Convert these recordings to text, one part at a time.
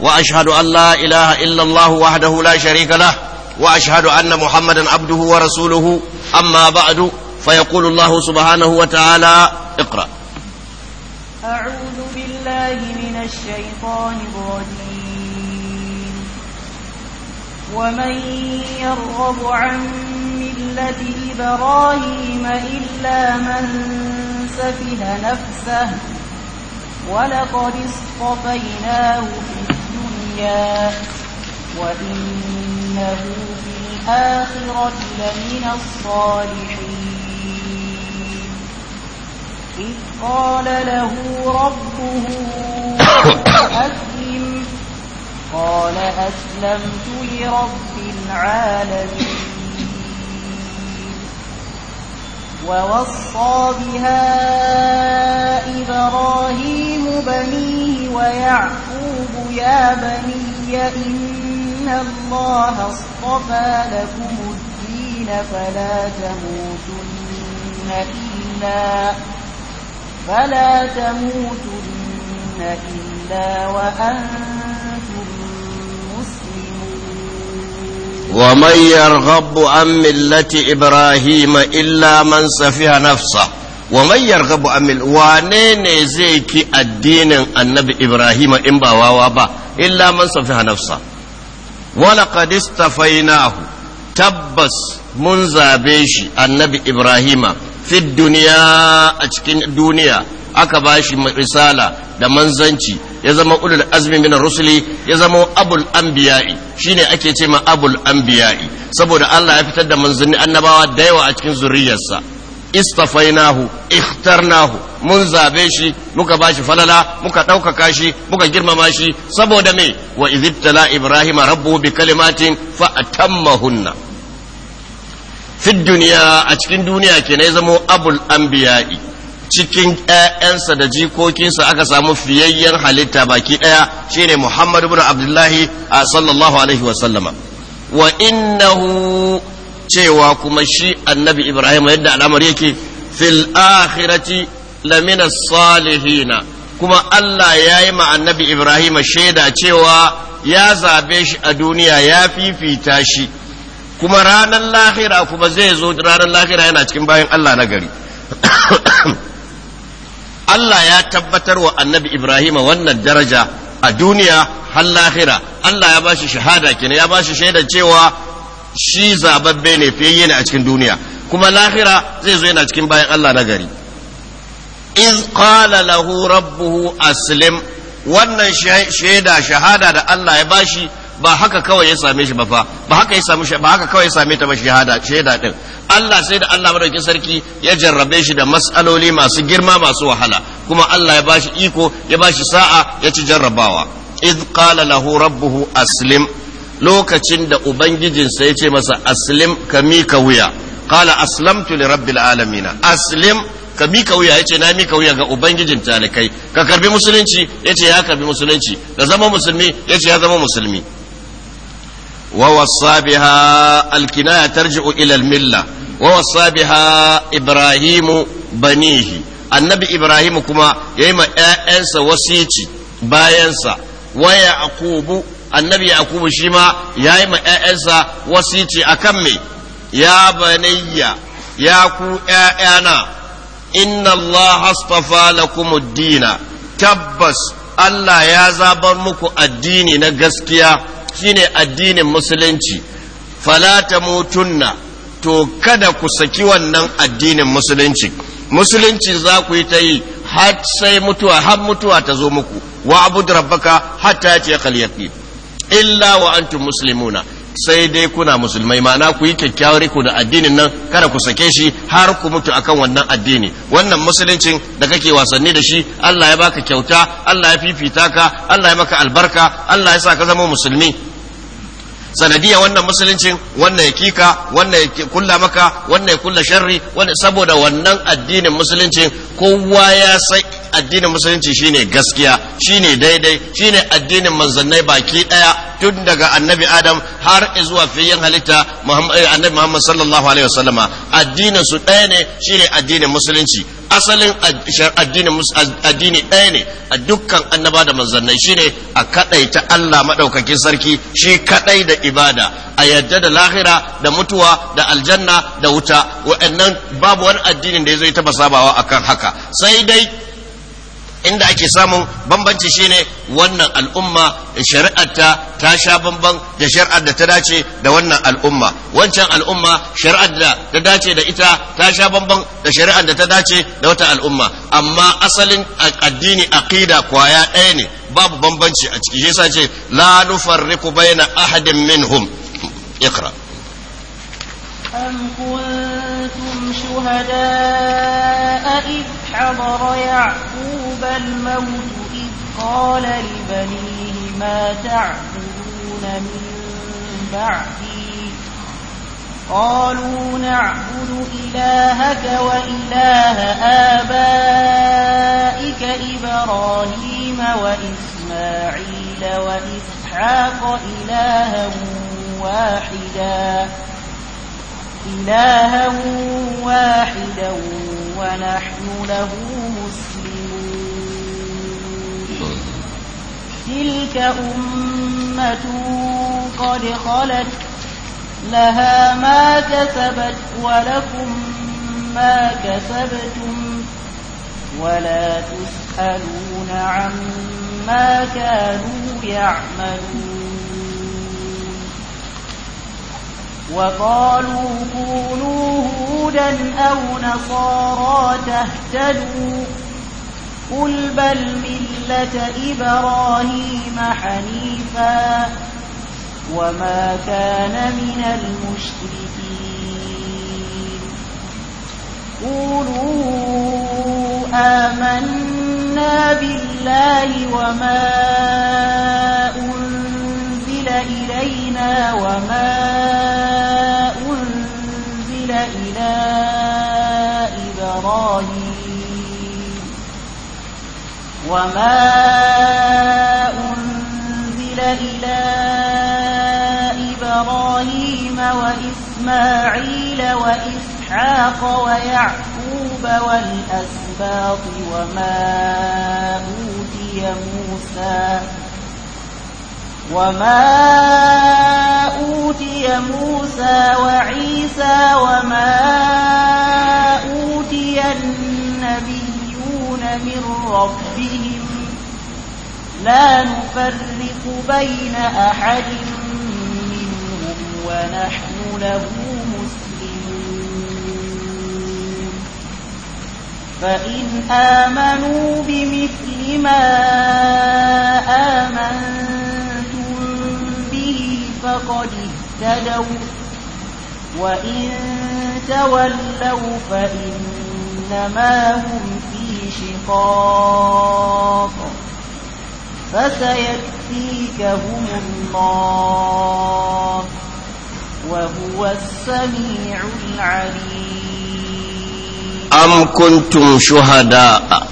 واشهد ان لا اله الا الله وحده لا شريك له واشهد ان محمدا عبده ورسوله اما بعد فيقول الله سبحانه وتعالى اقرا اعوذ بالله من الشيطان الرجيم ومن يرغب عن مله ابراهيم الا من سفه نفسه ولقد اصطفيناه في زكريا وإنه في الآخرة لمن الصالحين إذ قال له ربه أسلم قال أسلمت لرب العالمين ووصى بها إبراهيم بنيه ويعقوب يا بني إن الله اصطفى لكم الدين فلا تموتن إلا فلا تموتن إلا وأنتم ومن يرغب عن ملة إبراهيم إلا من سفيها نفسه ومن يرغب عن ملة وانين زيك الدين النبي إبراهيم إنبا ووابا إلا من سفيها نفسه ولقد استفيناه تبس من زابيشي النبي إبراهيم في الدنيا أتكين الدنيا aka ba shi ya zama ulul azmi min rusuli ya zama abul anbiya'i shine ake ce ma abul anbiya'i saboda Allah ya fitar da manzanni annabawa da yawa a cikin zuriyarsa istafainahu ikhtarnahu mun zabe shi muka bashi falala muka ɗaukaka shi muka girmama shi saboda me wa izibtala ibrahima rabbuhu bi kalimatin fa atammahunna fi duniya a cikin duniya kenan ya zama abul anbiya'i cikin ƴaƴansa da jikokinsa aka samu fiyayyen halitta baki ɗaya shine Muhammad ibn Abdullahi a sallallahu alaihi wa sallama wa innahu cewa kuma shi annabi Ibrahim yadda al'amar yake fil akhirati lamina salihina kuma Allah ya yi ma annabi Ibrahim shaida cewa ya zabe shi a duniya ya fifita shi kuma ranar lahira kuma zai zo ranar lahira yana cikin bayan Allah na gari Allah ya tabbatar wa annabi Ibrahim wannan daraja a duniya har lahira Allah ya bashi shahada kenan ya bashi shaida cewa shi zababbe ne fiye ne a cikin duniya kuma lahira zai zo yana cikin bayan Allah na gari iz qala lahu rabbuhu aslim wannan shaida shahada da Allah ya bashi ba haka kawai ya same shi ba fa ba haka ya same shi ba haka kawai ya same ta ba shahada shaida din Allah sai da Allah madaukin sarki ya jarrabe shi da mas'aloli masu girma masu wahala kuma Allah ya bashi iko ya bashi sa'a ya ci jarrabawa Iz qala lahu rabbuhu aslim lokacin da ubangijinsa ya ce masa aslim ka mika wuya qala aslamtu li rabbil alamin aslim ka mika wuya ya ce na mika wuya ga ubangijin talikai ka karbi musulunci ya ce ya karbi musulunci ka zama musulmi ya ce ya zama musulmi ووصى بها الكناية ترجع إلى الملة ووصى بها إبراهيم بنيه النبي إبراهيم كما يما أنسى وسيتي باينسى ويعقوب النبي يعقوب شما يما أنسى وسيتي أكمي يا بني يا كو أنا إن الله اصطفى لكم الدين تبس Allah ya zabar muku addini na gaskiya ne addinin musulunci falata mutunna to kada ku saki wannan addinin musulunci musulunci za ku yi ta yi har sai mutuwa har mutuwa ta zo muku wa abud rabbaka hatta ce yaqin illa wa antum muslimuna sai dai kuna musulmai ma'ana ku yi kyakkyawar ku da addinin nan kada ku sake shi har ku mutu akan wannan addini wannan musuluncin da kake wasanni da shi Allah ya baka kyauta Allah ya fifita ka Allah ya maka albarka Allah ya sa ka zama musulmi sanadiyan wannan musuluncin wannan ya kika wannan ya kulla maka wannan ya kulla sharri saboda wannan addinin musuluncin kowa ya san addinin musulunci shine gaskiya shine daidai shine addinin manzannai baki daya tun daga annabi adam har zuwa fiyin halitta eh, annabi muhammad sallallahu alaihi wasallama addinin su daya ne shine addinin musulunci asalin addinin addini daya ne a dukkan annaba da manzannai shine a kadaita Allah madaukakin sarki shi kadai da ibada a yadda da lahira da mutuwa da aljanna da wuta wa'annan babu wani addinin da ya zo ya taba sabawa akan haka sai dai inda ake samun bambanci shine wannan al'umma shari'arta ta sha bamban da shari'ar da ta dace da wannan al'umma wancan al'umma shari'ar da ta dace da ita ta sha bamban da shari'ar da ta dace da wata al'umma amma asalin addini aqida kwaya ɗaya ne babu bambanci a ciki yasa ce la nufarriqu baina ahadin minhum iqra am kuntum shuhada حضر يعقوب الموت إذ قال لبنيه ما تعبدون من بعدي قالوا نعبد إلهك وإله آبائك إبراهيم وإسماعيل وإسحاق إلها واحدا إلها واحدا ونحن له مسلمون تلك أمة قد خلت لها ما كسبت ولكم ما كسبتم ولا تسألون عما كانوا يعملون وقالوا كونوا هودا أو نصارى تهتدوا قل بل ملة إبراهيم حنيفا وما كان من المشركين قولوا آمنا بالله وما وما أنزل إلى إبراهيم وما أنزل إلى إبراهيم وإسماعيل وإسحاق ويعقوب والأسباط وما أوتي موسى وما أوتي موسى وعيسى وما أوتي النبيون من ربهم لا نفرق بين أحد منهم ونحن له مسلمون فإن آمنوا بمثل ما آمنوا فقد اهتدوا وإن تولوا فإنما هم في شقاق فسيكفيكهم الله وهو السميع العليم أم كنتم شهداء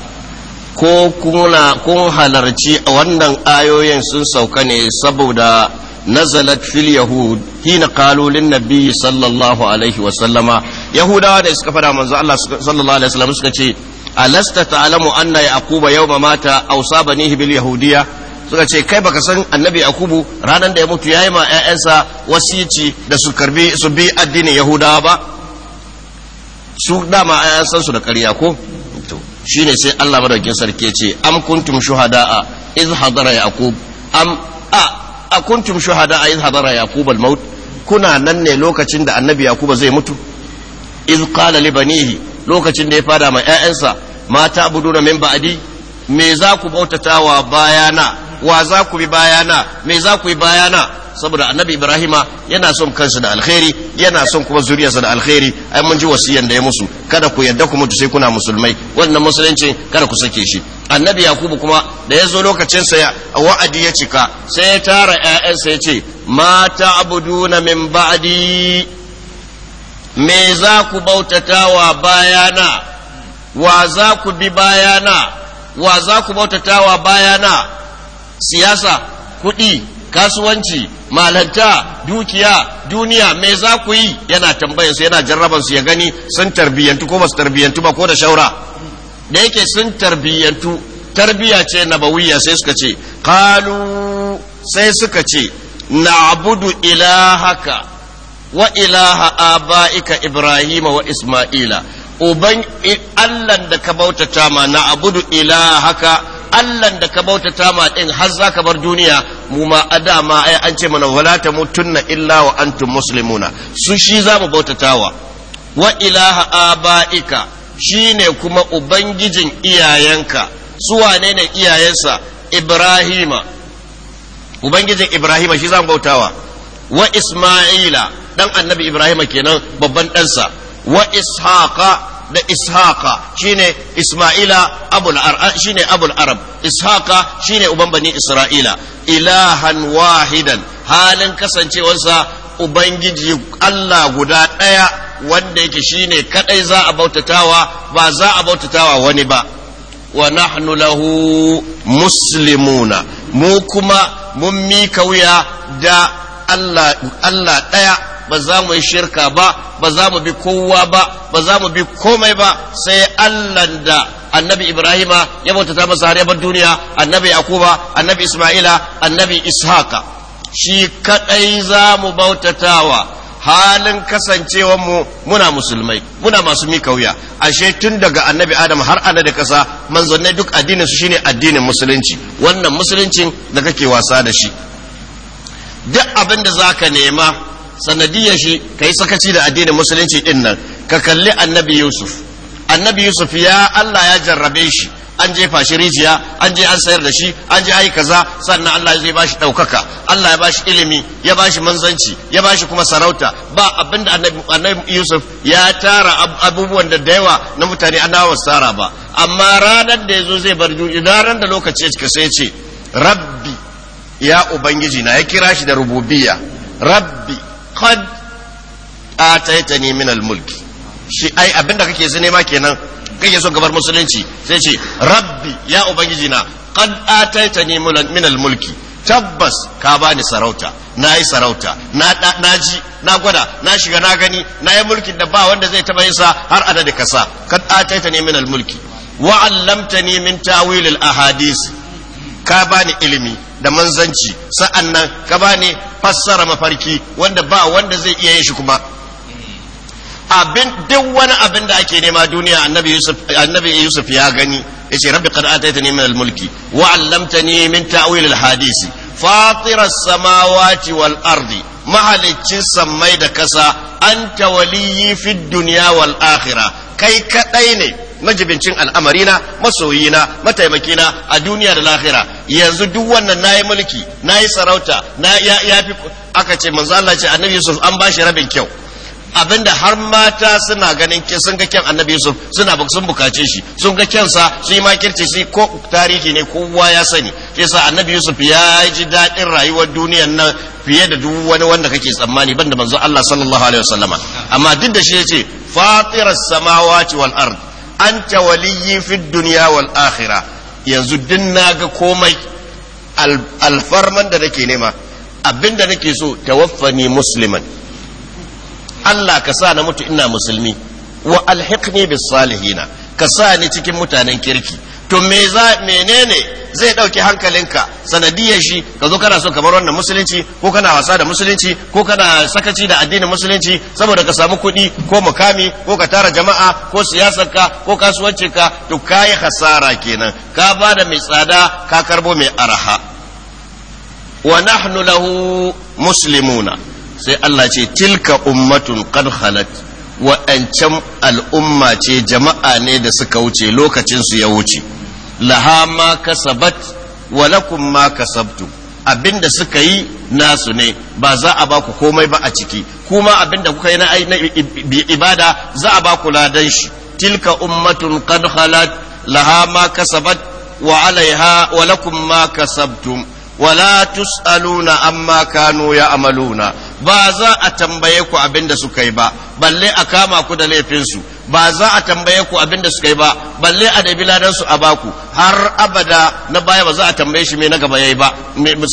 ko kuna kun halarci wannan ayoyin sun sauka ne saboda nazalat fil yahud hina qalu lin nabiy sallallahu alaihi wa sallama yahudawa da suka fada manzo Allah sallallahu alaihi wa sallam suka ce alasta ta'lamu anna yaquba yawma mata awsabanihi bil yahudiyya suka ce kai baka san annabi yakubu ranar da ya mutu yayi ma ƴaƴansa wasici da su karbi su bi addinin yahudawa ba su dama ƴaƴan su da ƙarya ko to shine sai Allah madaukin sarki ya ce am kuntum shuhada'a iz hadara yaqub am a a kuntum shuhada a hadara yakuba al-maut kuna nan ne lokacin da annabi yakuba zai mutu iz qala li banihi lokacin da ya fada ma ƴaƴansa mata buduna min ba'di me za ku bautatawa bayana wa za ku bi bayana me za ku yi bayana saboda annabi ibrahima yana son kansa da alkhairi yana son kuma zuriyarsa da alkhairi ai mun ji wasiyan da ya musu kada ku yadda ku mutu sai kuna musulmai wannan musulunci kada ku sake shi annabi yakubu kuma da ya zo lokacin sa wa'adi ya cika sai ya tara ƴaƴansa ya ce ma ta'buduna min ba'di me za ku bautata wa bayana wa za ku bi bayana wa za ku bautata wa bayana siyasa kuɗi kasuwanci malanta dukiya duniya me za ku yi yana tambayar su yana jarraban su ya gani sun tarbiyyantu ko basu tarbiyyantu ba ko da shaura da yake sun tarbiyyantu tarbiyya ce na nabawiyya sai suka ce kalu sai suka ce na'budu ilahaka wa ilaha abaika ibrahima wa isma'ila uban allan da ka bautata ma na na'budu ilahaka Allahn da ka bautata ma din har za ka bar duniya mu ma a dama ai an ce mana wala ta mutunna illa wa antum muslimuna su shi za mu bautatawa wa ilaha abaika shine kuma ubangijin iyayenka su wane ne iyayensa Ibrahima ubangijin Ibrahima shi za mu wa wa Isma'ila dan annabi Ibrahima kenan babban ɗansa wa Ishaqa da ishaqa shine isma'ila abul arab shine abul arab ishaqa shine uban bani isra'ila ilahan wahidan halin kasancewarsa ubangiji Allah guda ɗaya wanda yake shine kadai za a bautatawa ba za a bautatawa wani ba wa nahnu lahu muslimuna mu kuma mun mika wuya da Allah Allah ɗaya ba za mu yi shirka ba ba za mu bi kowa ba ba za mu bi komai ba sai Allah da annabi Ibrahima ya bautata masa har yabar duniya annabi Yakuba annabi Isma'ila annabi Ishaka shi kadai za mu bautatawa halin kasancewan mu muna musulmai muna masu mika wuya ashe tun daga annabi adam har ana da kasa manzannai duk addinin su shine addinin musulunci wannan musuluncin da kake wasa da shi duk abin da za ka nema sanadiyar shi ka yi sakaci da addinin musulunci din nan ka kalli annabi yusuf annabi yusuf ya allah ya jarrabe shi an je fashi rijiya an je an sayar da shi an je ayi kaza sannan Allah zai bashi ɗaukaka Allah ya bashi ilimi ya bashi manzanci ya bashi kuma sarauta ba abinda annabi Yusuf ya tara abubuwan da yawa na mutane ana wasara ba amma ranar da yazo zai bar juji ranar da lokaci ya cika sai ya ce rabbi ya ubangiji na ya kira shi da rububiya rabbi qad ta min minal mulki. shi ai abinda kake so nema kenan kake so gabar musulunci sai ce rabbi ya ubangiji na qad ta min minal mulki tabbas ka bani sarauta na yi sarauta na ji na gwada na shiga na gani na yi mulkin da ba wanda zai taba sa har adadi kasa kad ataita ta min minal mulki wa min tawil al-ahadis ka bani ilimi da manzanci sa'an nan ka bani fassara mafarki wanda ba wanda zai iya yin shi kuma abin duk wani abin da ake nema duniya annabi yusuf annabi yusuf ya gani yace rabbi qad ataitani min al-mulki wa 'allamtani min ta'wil al-hadisi fatir as-samawati wal ardi mahalicin sammai da kasa anta waliyyi fid dunya wal akhira. kai kadai ne majibincin al'amarina masoyina mataimakina a duniya da lahira yanzu duk wannan yi mulki na yi sarauta na ya yafi aka ce manzo ce annabi Yusuf an bashi rabin kyau abinda har mata suna ganin sun ga kyan annabi Yusuf suna sun bukace shi sun ga kyansa shi ma kirce shi ko tarihi ne kowa ya sani yasa annabi Yusuf ya ji daɗin rayuwar duniyar nan fiye da duk wani wanda kake tsammani banda manzo Allah sallallahu alaihi wasallama amma duk da shi yace fatiras samawati wal ard An waliyyi fi duniya wal akhira yanzu din ga komai alfarman da nake nema abinda nake so tawaffani musliman Allah ka sa na mutu ina musulmi wa alhiqni bis salihina ka sa ni cikin mutanen kirki to me za menene zai dauke hankalinka sanadiyar shi ka zo kana so ka bar wannan musulunci ko kana wasa da musulunci ko kana sakaci da addinin musulunci saboda ka samu kuɗi ko mukami ko ka tara jama'a ko siyasar ka ko ka. to kayi hasara kenan ka bada mai tsada ka karbo mai araha wa nahnu lahu muslimuna sai Allah ce tilka ummatun qad khalat waɗancan al'umma ce jama'a ne da suka wuce lokacinsu ya wuce laha ma kasabat wa lakum ma abinda suka yi nasu ne ba za a ba komai ba a ciki kuma abinda kuka yi na ibada za a ba ladan shi tilka ummatun qad khalat laha ma kasabat wa alaiha wa lakum ma kasabtum tus'aluna amma عما ya amaluna ba za a tambaye ku abin da suka yi ba balle a kama ku da laifinsu ba za a tambaye ku abin da suka yi ba balle a dabi ladansu a baku har abada na baya ba za a tambaye shi me na gaba yayi ba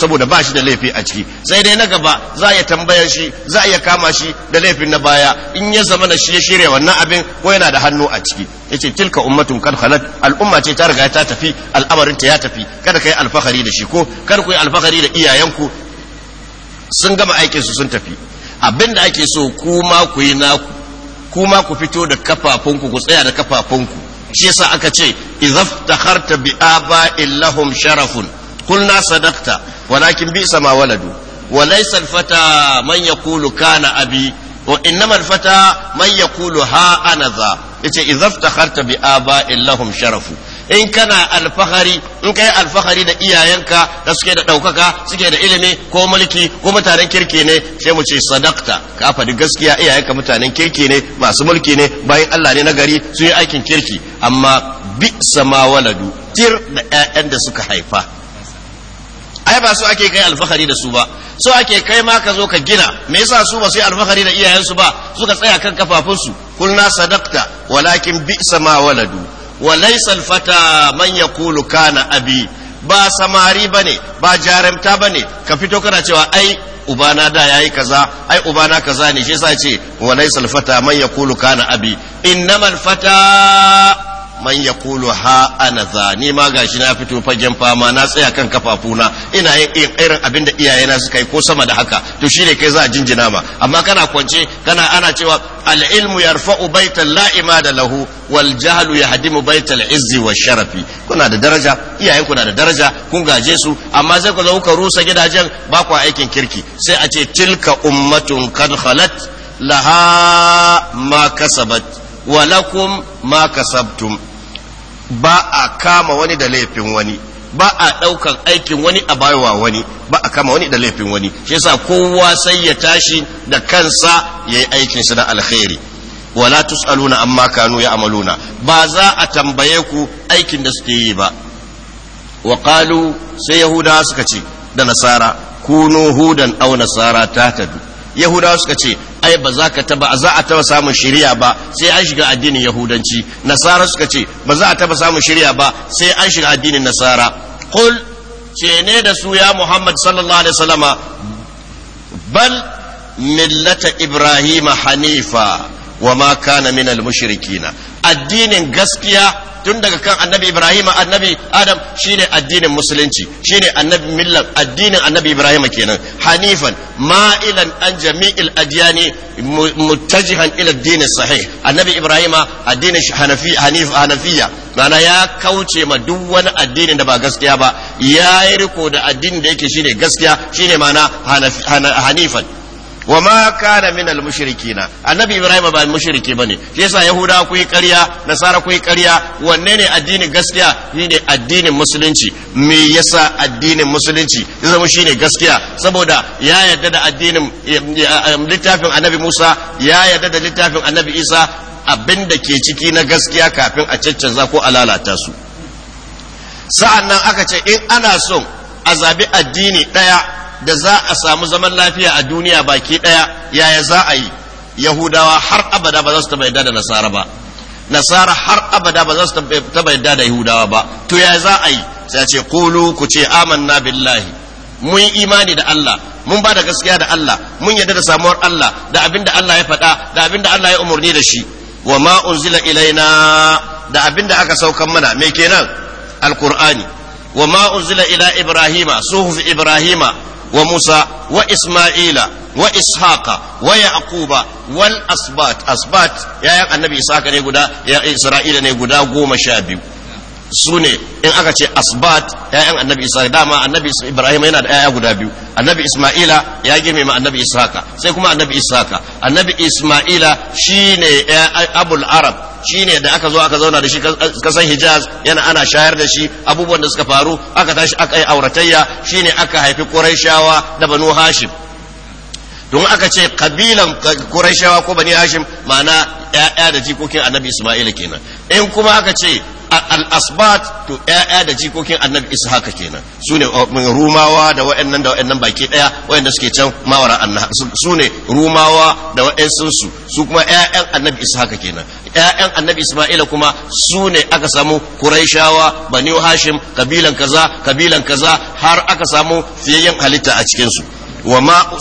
saboda ba shi da laifi a ciki sai dai na gaba za a iya shi za a iya kama shi da laifin na baya in ya zama na shi ya shirya wannan abin ko yana da hannu a ciki yace tilka ummatun kad khalat al'umma ce ta riga ta tafi al'amarin ta ya tafi kada kai alfahari da shi ko kada ku yi alfahari da iyayenku sun gama su sun tafi abinda ake so kuma ku yi naku kuma ku fito da kafafunku ku tsaya da kafafunku shi yasa aka ce idhaf takharta bi aba'in illahum sharafun kulna sadaqta walakin bi sama waladu wa laysa al-fata man yaqulu kana abi wa innama fata man yaqulu ha anaza. yace idhaf takharta bi aba'in sharafu in kana alfahari in kai alfahari da iyayenka da suke da ɗaukaka suke da ilimi ko mulki ko mutanen kirki ne sai mu ce sadakta ka faɗi gaskiya iyayenka mutanen kirki ne masu mulki ne bayan Allah ne na gari su yi aikin kirki amma bi sama waladu tir da ƴaƴan da suka haifa ai ba su ake kai alfahari da su ba so ake kai ma ka zo ka gina me yasa su ba su yi alfahari da iyayensu ba suka tsaya kan kafafunsu kulna sadakta walakin bi sama waladu wa laysal fata man yaqulu kana abi ba samari bane ba jaramta bane ka fito kana cewa ai ubana da yayi kaza ai ubana kaza ne shi yasa ce wa laysal fata man yaqulu kana abi innamal fata man ya kulu ha ana za ni ma gashi na fito fagen fama na tsaya kan kafafuna ina yin irin abin da iyayena suka yi ko sama da haka to shine kai za a jinjina ma amma kana kwance kana ana cewa al'ilmu ya yarfa'u baitan la'ima da lahu wal ya yahdimu baital izzi wa sharafi kuna da daraja iyayen kuna da daraja kun gaje su amma sai ku zo ka rusa gidajen ba ku aikin kirki sai a ce tilka ummatun kad khalat laha ma kasabat wa lakum ma ba a kama wani da laifin wani ba a ɗaukan aikin wani a bayowa wani ba a kama wani da laifin wani shi yasa kowa sai ya tashi da kansa ya yi aikin aikinsa na alkhairi wala tus'aluna amma kanu ya amaluna ba za a tambaye ku aikin da suke yi ba wa qalu sai yahuda suka ce da nasara kunu hudan aw nasara ta tadu yahudawa suka ce ai ba za ka taba za a taba samun shari'a ba sai an shiga addinin yahudanci nasara suka ce ba za a taba samun shari'a ba sai an shiga addinin nasara kul ce ne da su ya muhammad sallallahu alaihi wasallama bal millata ibrahima hanifa wa ma kana minal mushrikina addinin gaskiya tun daga kan annabi ibrahim annabi adam shine addinin musulunci shine annabi millan addinin annabi ibrahim kenan hanifan ma'ilan an jami'il adyani muttajihan ila addini sahih annabi ibrahim addinin hanafi hanif hanafiya mana ya kauce ma duk wani addinin da ba gaskiya ba ya yi riko da addinin da yake shine gaskiya shine mana hanifan wa ma kana min al mushrikina annabi ibrahim ba mushriki bane shi yasa yahuda ku yi ƙarya nasara ku yi ƙarya wanne ne addinin gaskiya ne addinin musulunci me yasa addinin musulunci ya zama ne gaskiya saboda ya yarda da addinin um, littafin annabi musa ya yarda da littafin annabi isa abinda ke ciki na gaskiya kafin a caccanza ko a lalata su sa'an nan aka ce in ana son a zabi addini ɗaya da za a samu zaman lafiya a duniya baki ɗaya yaya za a yi yahudawa har abada ba za su yadda da nasara ba nasara har abada ba za su yadda da yahudawa ba to yaya za a yi sai ce kulu ku ce amanna billahi mun imani da Allah mun ba da gaskiya da Allah mun yarda da samuwar Allah da abin da Allah ya faɗa da abin da Allah ya umarni da shi wa ma unzila ilaina da abin da aka saukan mana me kenan alqur'ani wa ma unzila ila ibrahima suhuf ibrahima وموسى وإسماعيل وإسحاق ويعقوب والأسبات أسبات يا النبي إسحاق نيقودا يا إسرائيل نيقودا قوم شابيو Sune in aka ce asbat ‘ya'yan annabi isa dama annabi ibrahim yana da ‘ya'ya guda biyu annabi isma'ila ya girme ma annabi ishaka sai kuma annabi ishaka annabi isma'ila shi ne abul arab shi ne da aka zo aka zauna da shi kasan hijaz yana ana shayar da shi abubuwan da suka faru aka tashi aka yi auratayya shi ne aka haifi ƙurashawa da banu hashim don aka ce kabilan ƙurashawa ko bani hashim ma'ana ‘ya'ya da jikokin annabi isma'ila kenan in kuma aka ce al to ƴaƴa da jikokin annabi haka kenan su ne uh, rumawa da waɗannan da waɗannan baki ɗaya waɗanda suke can mawara annabi ne rumawa da wa'ansu su su kuma ƴaƴan annabi haka kenan ƴaƴan annabi isma'ila kuma su ne aka samu quraishawa bani hashim kabilan kaza kabilan kaza har aka samu fiyayyen halitta a cikinsu. su sallallahu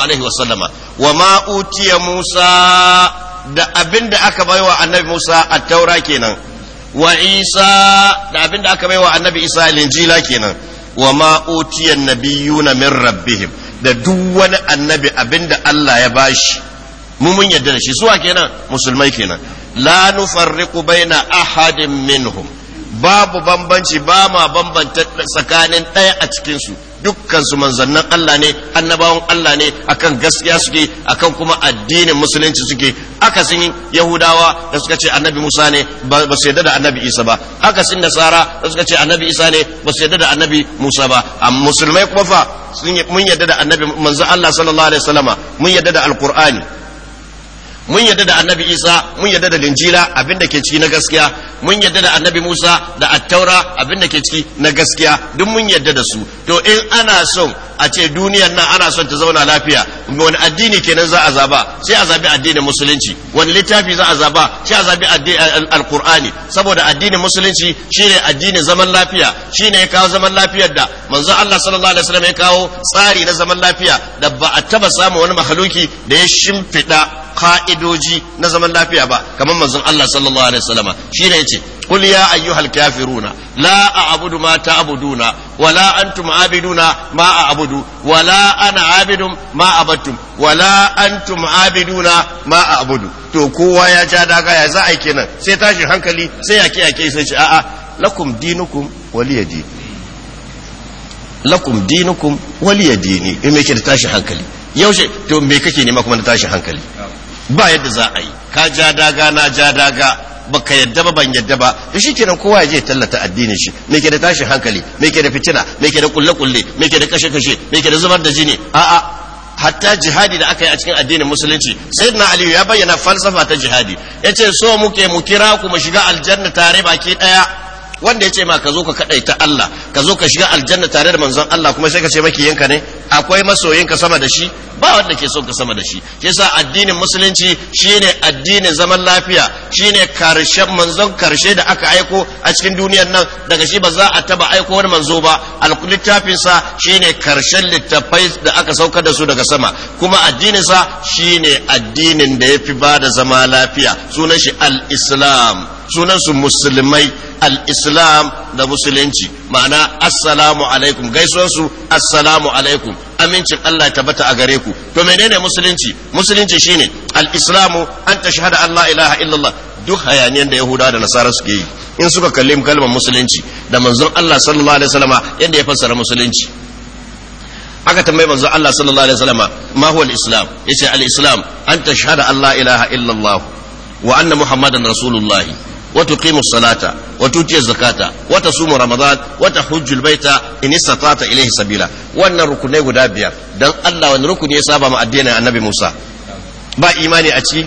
alaihi wa عليه وسلم وما da abin da aka baiwa annabi Musa a taura kenan wa isa da abin da aka baiwa annabi isa linjila kenan wa ma utiyan nabiyuna min rabbihim da duk wani annabi abinda Allah ya bashi mu mun yarda da shi suwa kenan musulmai kenan la nufarriqu baina ahadin minhum babu bambanci ba ma bambanta tsakanin ɗaya a cikinsu dukkansu manzannin Allah ne annabawan Allah ne akan gaskiya suke akan kuma addinin musulunci suke akasin yahudawa da suka ce annabi musa ne ba su yadda da annabi isa ba akasin nasara da suka ce annabi isa ne ba su yadda da annabi musa ba a musulmai kuma fa mun yadda da annabi manzo Allah sallallahu alaihi wasallama mun yadda da alqur'ani mun yadda da annabi isa mun yadda da linjila abin da ke ciki na gaskiya mun yadda da annabi musa da attaura abin da ke ciki na gaskiya duk mun yadda da su to in ana son a ce duniyar nan ana son ta zauna lafiya wani addini kenan za a zaba sai a zabi addinin musulunci wani littafi za a zaba sai a zabi alkur'ani saboda addinin musulunci shine addinin zaman lafiya shine ya kawo zaman lafiyar da manzo Allah sallallahu alaihi wasallam ya kawo tsari na zaman lafiya da ba a taba samu wani mahaluki da ya shimfida ka'idoji na zaman lafiya ba kamar manzon Allah sallallahu alaihi wasallam shine yace قل يا أيها الكافرون لا أعبد ما تعبدون ولا أنتم عابدون ما أعبد ولا أنا عابد ما عبدتم ولا أنتم عابدون ما أعبد to kowa ya ja daga ya za a yi kenan sai tashi hankali sai yake yake sai ce a'a lakum dinukum waliya dini lakum dinukum waliya dini in me ke da tashi hankali yaushe to me kake nema kuma da tashi hankali ba yadda za a yi ka ja daga na ja daga baka yadda ba ban yadda ba shi kenan kowa ya je tallata addinin shi me ke da tashin hankali me ke da fitina me ke da kulle kulle me ke da kashe kashe me ke da zubar da jini a'a hatta jihadi da aka yi a cikin addinin musulunci sayyidina aliyu ya bayyana falsafa ta jihadi yace so muke mu kira ku mu shiga aljanna tare baki daya wanda ya ce ma ka zo ka kaɗai ta Allah ka zo ka shiga aljanna tare da manzon Allah kuma sai ka ce maki yanka ne akwai masoyinka sama da shi ba wanda ke so ka sama da shi shi yasa addinin musulunci shine addinin zaman lafiya shine karshen manzon karshe da aka aiko a cikin duniyar nan daga shi ba za a taba aiko wani manzo ba alkulittafin sa shine karshen littafai da aka sauka da su daga sama kuma addinin sa shine addinin da yafi bada zama lafiya sunan shi al-islam sunansu musulmai al-islam da musulunci ma'ana assalamu alaikum gaisuwansu assalamu alaikum amincin Allah tabbata a gare ku to menene musulunci musulunci shine al-islamu an tashhada Allah ilaha illallah duk hayaniyan da yahuda da nasara suke yi in suka kalli kalmar musulunci da manzon Allah sallallahu alaihi wasallama yadda ya fassara musulunci aka tambayi manzon Allah sallallahu alaihi wasallam ma huwa al-islam yace al-islam an tashhada an la ilaha illallah Allah wa anna muhammadan rasulullahi وتقيم الصلاة وتؤتي الزكاة وتصوم رمضان وتحج البيت إن استطعت إليه سبيلا وأن ركن غدا بيار دان الله وأن ركن يسابا مع الدين النبي موسى با إيماني أتي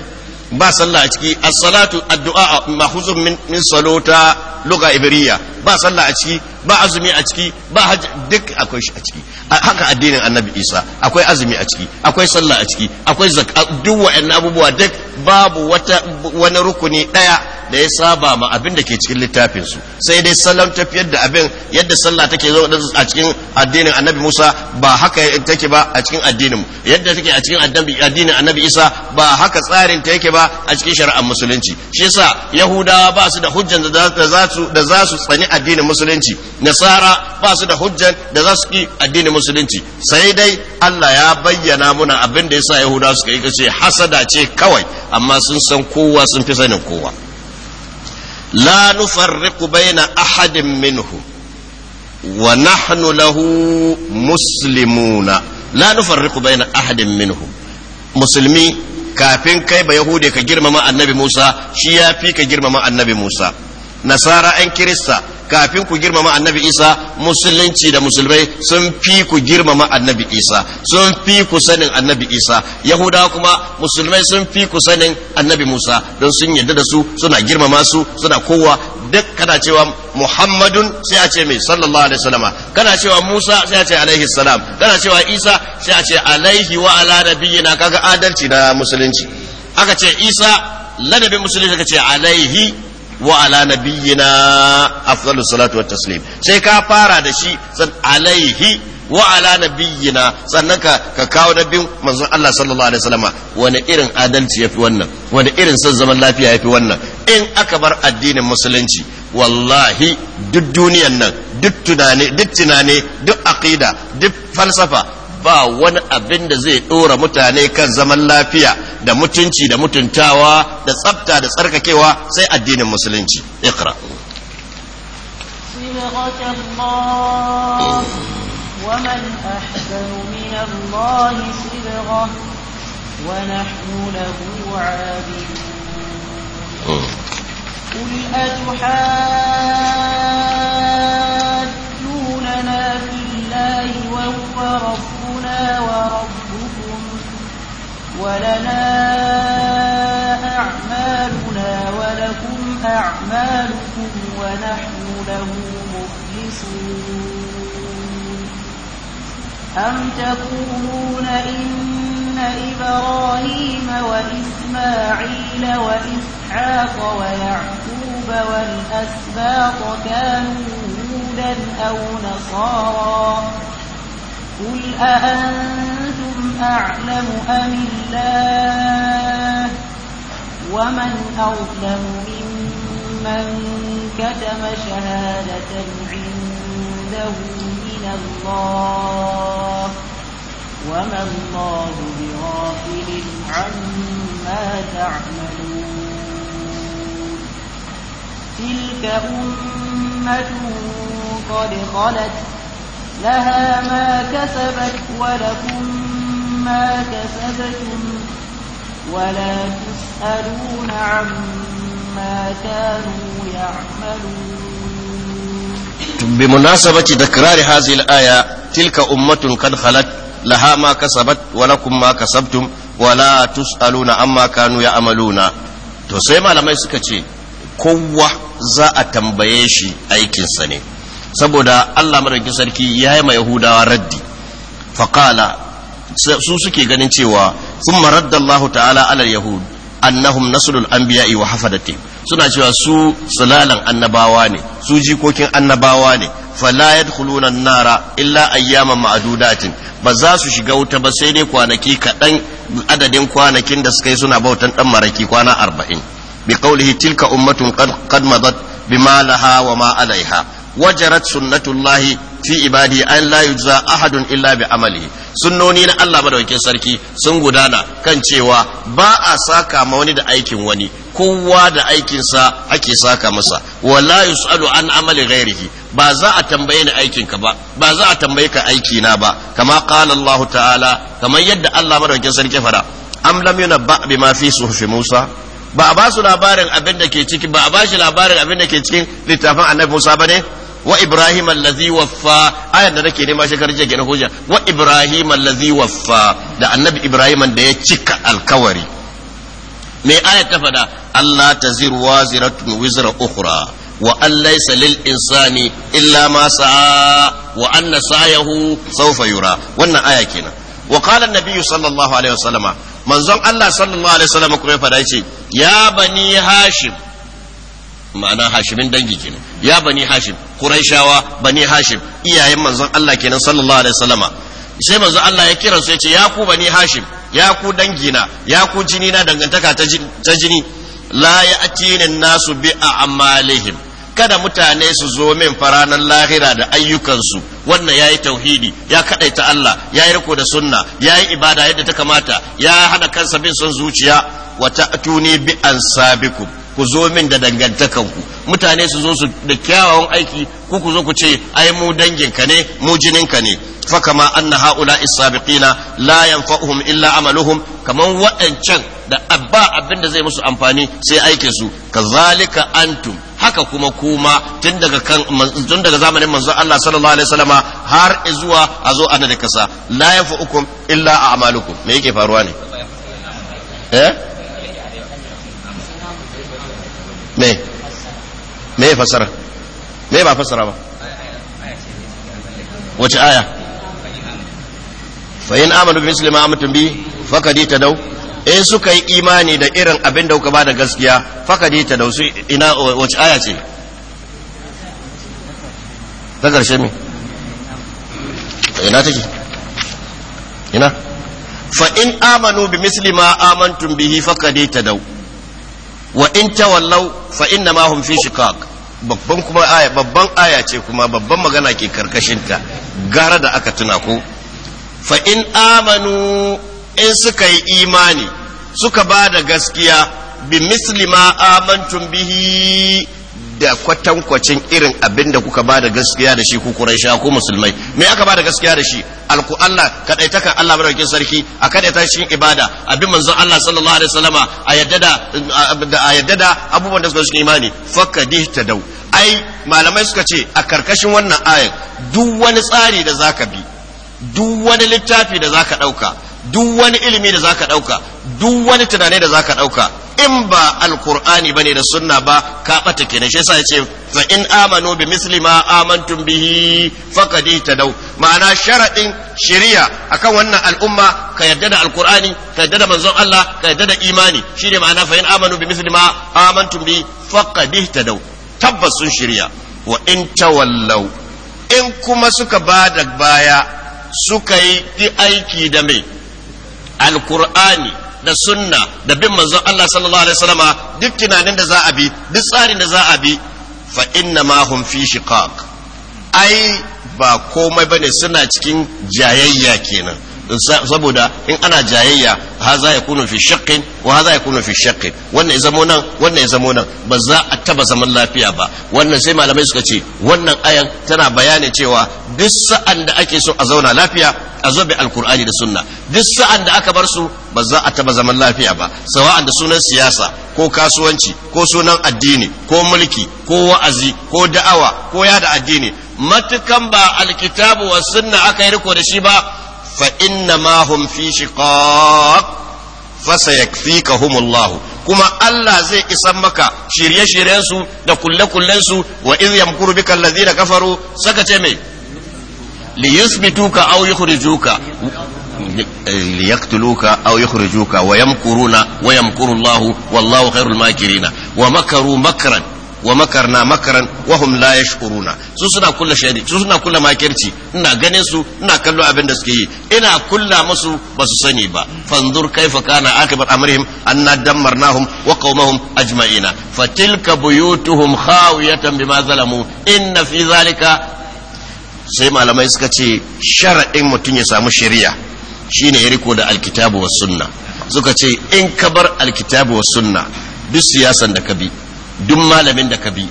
با صلى أتي الصلاة الدعاء مأخوذ من من صلوة لغة إبرية ba sallah a ciki ba azumi a ciki ba hajji duk akwai shi a ciki haka addinin annabi isa akwai azumi a ciki akwai sallah a ciki akwai zakka duk wa'annan abubuwa duk babu wata wani rukuni daya da ya saba ma abin da ke cikin littafin su sai dai salon tafiyar da abin yadda sallah take zo a cikin addinin annabi musa ba haka take ba a cikin addinin yadda take a cikin addinin annabi isa ba haka tsarin ta yake ba a cikin shari'ar musulunci shi yasa yahudawa ba su da hujjan da za su tsani a tsani addinin musulunci nasara ba su da hujjan da za su ki addinin musulunci sai dai Allah ya bayyana muna abin da yasa yahuda suka yi kace hasada ce kawai amma sun san kowa sun fi sanin kowa la nufarriqu baina ahadin minhum wa nahnu lahu muslimuna la nufarriqu baina ahadin minhum musulmi kafin kai ba yahude ka girmama annabi Musa shi ya fi ka girmama annabi Musa nasara 'yan kirista kafin ku girmama annabi isa musulunci da musulmai sun fi ku girmama annabi isa sun fi ku sanin annabi isa Yahuda kuma musulmai sun fi ku sanin annabi musa don sun yadda da su suna girmama su suna kowa duk kana cewa muhammadun sai a ce mai sallallahu alaihi wasallama kana cewa musa sai a ce alaihi salam kana cewa isa sai a ce alaihi wa ala nabiyina kaga adalci na musulunci aka ce isa ladabin musulunci aka ce alaihi wa ala nabiyyina afdalus salatu wat taslim sai ka fara da shi san alaihi wa ala nabiyyina sannan ka ka kawo da bin manzon Allah sallallahu alaihi wasallama wani irin adalci yafi wannan wani irin son zaman lafiya yafi wannan in aka bar addinin musulunci wallahi duk duniyan nan duk tunane duk tunane duk aqida duk falsafa ba wani abin da zai ɗora mutane kan zaman lafiya da mutunci da mutuntawa da tsafta da tsarkakewa sai addinin musulunci iqra قل أتحاجوننا في الله وهو ربنا ربنا وربكم ولنا أعمالنا ولكم أعمالكم ونحن له مخلصون أم تقولون إن إبراهيم وإسماعيل وإسحاق ويعقوب والأسباط كانوا هودا أو نصارا قل أأنتم أعلم أم الله ومن أظلم ممن كتم شهادة عنده من الله وما الله بغافل عما تعملون تلك أمة قد خلت لها ما كسبت ولكم ما كسبتم ولا تسألون عما كانوا يعملون بمناسبة تكرار هذه الآية تلك أمة قد خلت لها ما كسبت ولكم ما كسبتم ولا تسألون عما كانوا يعملون to sai malamai suka ce kowa za a tambaye shi aikinsa ne saboda Allah madaukakin sarki ya yi ma Yahudawa raddi faqala su suke ganin cewa thumma radda Allah ta'ala ala yahud annahum nasrul anbiya'i wa hafadati suna cewa su sulalan annabawa ne su jikokin annabawa ne fala yadkhuluna an-nara illa ayyaman ma'dudatin ba za su shiga wuta ba sai dai kwanaki kaɗan adadin kwanakin da suka yi suna bautan dan maraki kwana arba'in bi qawlihi tilka ummatun qad madat bima laha wa ma alaiha wajarat sunnatullahi fi ibadi an la yujza ahadun illa bi amalihi sunnoni na Allah madaukakin sarki sun gudana kan cewa ba a saka ma wani da aikin wani kowa da aikinsa ake saka masa wala yusalu an amali ghairihi ba za a tambaye ni aikinka ba ba za a tambaye ka aikina ba kama qala Allah ta'ala kamar yadda Allah madaukakin sarki fara am lam yunabba bima fi suhufi Musa ba a ba su labarin abin da ke ciki ba a ba shi labarin abin da ke cikin littafin annabi Musa ba ne wa ibrahim allazi waffa ayar da nake nema shekarar jiya na hujja wa ibrahim allazi waffa da annabi ibrahim da ya cika alkawari me ayar ta faɗa allah taziru waziratun wizra ukhra wa an laysa lil insani illa ma sa'a wa anna sa'yahu sawfa yura wannan aya kenan wa qala an-nabi sallallahu alaihi wasallama manzon allah sallallahu alaihi wasallama kuma ya faɗa yace ya bani hashim ma'ana hashimin dangi kenan ya bani hashim quraishawa bani hashim iyayen manzon Allah kenan sallallahu alaihi wasallama sai manzon Allah ya kira su yace ya ku bani hashim ya ku na? ya ku jini na dangantaka ta jini la ya'tina nasu bi a'malihim kada mutane su zo min faranan lahira da ayyukansu wannan yayi tauhidi ya kadaita Allah yayi riko da sunna yayi ibada yadda ta kamata ya hada kansa bin son zuciya wa ta'tuni bi ansabikum ku zo min da dangantakanku mutane su zo su da kyawawan aiki ku ku zo ku ce ai mu ka ne mu ka ne fa kama anna haula isabiqina la yanfa'uhum illa amaluhum kaman waɗancan da abba abinda zai musu amfani sai aikin su kazalika antum haka kuma kuma tun daga kan tun daga zamanin manzon Allah sallallahu alaihi wasallama har zuwa a zo ana da kasa la yanfa'ukum illa a'malukum me yake faruwa ne eh me me ya fasara me ba fasara ba wace aya fa in amanu bi ma bi fakadi dau in suka yi imani da irin abin da kuka ba da gaskiya fakadi dau su ina wace aya ce ta karshe mi ina take ina fa in amanu bi ma amantum bihi fakadi tadaw wa in tawallaw fa inna ma hum fi shiqaq babban kuma aya babban aya ce kuma babban magana ke karkashin ta gara da aka tuna ko fa in amanu in suka yi imani suka ba da gaskiya bi mislima amantum bihi da kwatankwacin irin abin da kuka ba da gaskiya da shi ku Quraisha ko musulmai me aka ba da gaskiya da shi alku Allah kadaitakan Allah madaukakin sarki a kadaita shi ibada abin manzon Allah sallallahu alaihi wasallama a yaddada a yaddada abubuwan da suka imani fakadih dau ai malamai suka ce a karkashin wannan ayat duk wani tsari da zaka bi duk wani littafi da zaka dauka duk wani ilimi da zaka dauka duk wani tunani da zaka dauka in ba alqur'ani bane da sunna ba ka bata kenan shi yasa yace fa in amanu bi misli ma amantum bihi faqad ihtadaw ma'ana sharadin shari'a akan wannan al'umma ka yadda da alqur'ani ka yadda da manzon Allah ka yadda da imani shine ma'ana fa in amanu bi misli ma amantum bihi faqad ihtadaw tabbas sun shari'a wa in tawallaw in kuma suka bada baya suka yi aiki da mai alkur'ani da sunna da bin manzon Allah sallallahu alaihi wasallama duk tunanin da za a bi duk tsarin da za a bi fa inna ma hum fi shiqaq ai ba komai bane suna cikin jayayya kenan saboda in ana jayayya haza ya kunu fi shaqqin wa haza ya kunu fi wannan ya zamo nan wannan ya zamo nan ba za a taba zaman lafiya ba wannan sai malamai suka ce wannan ayan tana bayani cewa duk sa'an da ake so a zauna lafiya a zo bi alkur'ani da sunna duk sa'an da aka bar su ba za a taba zaman lafiya ba sawa'an da sunan siyasa ko kasuwanci ko sunan addini ko mulki ko wa'azi ko da'awa ko yada addini matukan ba alkitabu wa sunna aka yi riko da shi ba fa inna ma hum fi shiqaq fa kuma Allah zai isan maka shirye-shiryen su da kulle-kullen su wa iz yamkuru bika kafaru saka mai li yuthbituka aw ليقتلوك أو يخرجوك ويمكرون ويمكر الله والله خير الماكرين ومكروا wa makarna makaran wa hum la yashkuruna su suna kulla shari su suna kulla makirci ina ganin su ina kallo abin da suke yi ina kulla musu ba su sani ba fanzur kaifa kana akibat amrihim anna dammarnahum wa qaumahum ajma'ina fatilka buyutuhum khawiyatan bima zalamu inna fi zalika sai malamai suka ce sharadin mutum ya samu shari'a shine ya riko da alkitabu was sunna suka ce in ka bar alkitabu was sunna duk siyasan da ka bi duk malamin da ka bi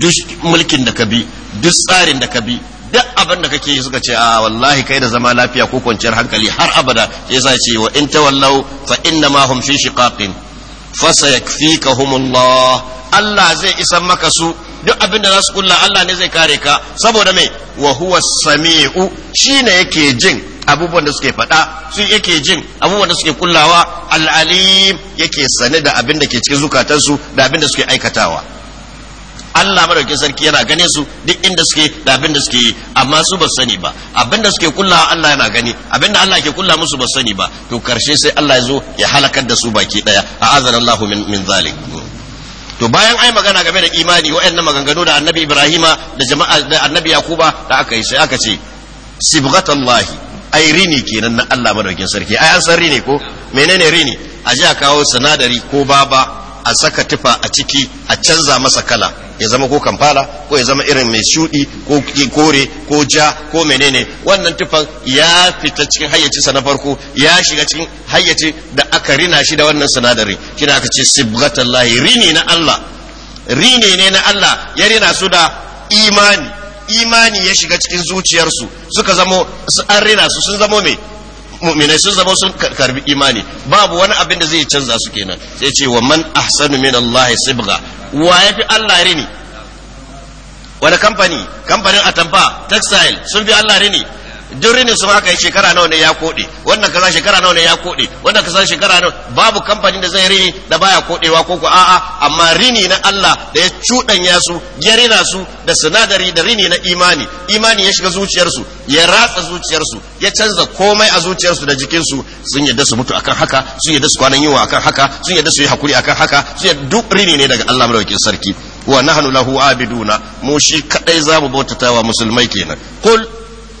duk mulkin da ka bi duk tsarin da ka bi duk abin da kake suka ce a ah, wallahi kai da zama lafiya ko kwanciyar hankali har abada yasa ce wa in tawallau fa inna ma hum fi shiqaqin fa sayakfikahumullah Allah zai isan maka su duk abin da za su kulla Allah ne zai kare ka saboda mai wa huwa sami'u shine yake jin abubuwan da suke faɗa su yake jin abubuwan da suke kullawa al'alim yake sane da abin da ke cikin zukatansu da abin da suke aikatawa Allah madaukin sarki yana ganin su duk inda suke da abin da suke yi amma su ba sani ba abin da suke kulla Allah yana gani abin da Allah ke kulla musu ba sani ba to karshe sai Allah ya zo ya halakar da su baki daya a Allah min min zalik to bayan ai magana game da imani waɗannan maganganu da annabi Ibrahima da jama'a da annabi Yakuba da aka yi sai aka ce sibghatullahi ai rini kenan na Allah madaukin sarki ai an san rini ko menene rini a ji a kawo sinadari ko baba a saka tufa a ciki a canza masa kala ya zama ko kamfala ko ya zama irin mai shudi ko kore ko ja ko menene wannan tufan ya fita cikin hayyacinsa na farko ya shiga cikin hayyaci da aka rina shi da wannan sinadari Kina aka ce sibgatallahi rini na Allah rini ne na Allah ya rina su da imani imani ya shiga cikin zuciyarsu suka zamo an rina su sun zamo mai mu'minai sun zama sun karbi imani babu wani abin da zai canza su kenan sai ce wa man ahsanu min Allah sibga wa yafi Allah rini wani kamfani kamfanin atamfa textile sun fi Allah rini rinin su haka yi shekara nawa ne ya kode wannan kaza shekara nawa ne ya kode wannan kaza shekara nawa babu kamfanin da zai rini da baya koɗewa ko ko a'a amma rini na Allah da ya cuɗanya su ya rina su da sinadari da rini na imani imani ya shiga zuciyarsu ya ratsa zuciyarsu ya canza komai a zuciyarsu da jikinsu sun yadda su mutu akan haka sun yadda su kwanan yiwa akan haka sun yadda su yi hakuri akan haka sun yadda duk rini ne daga Allah madaukakin sarki wa nahnu lahu abiduna mu shi kadai zamu bautatawa musulmai kenan kul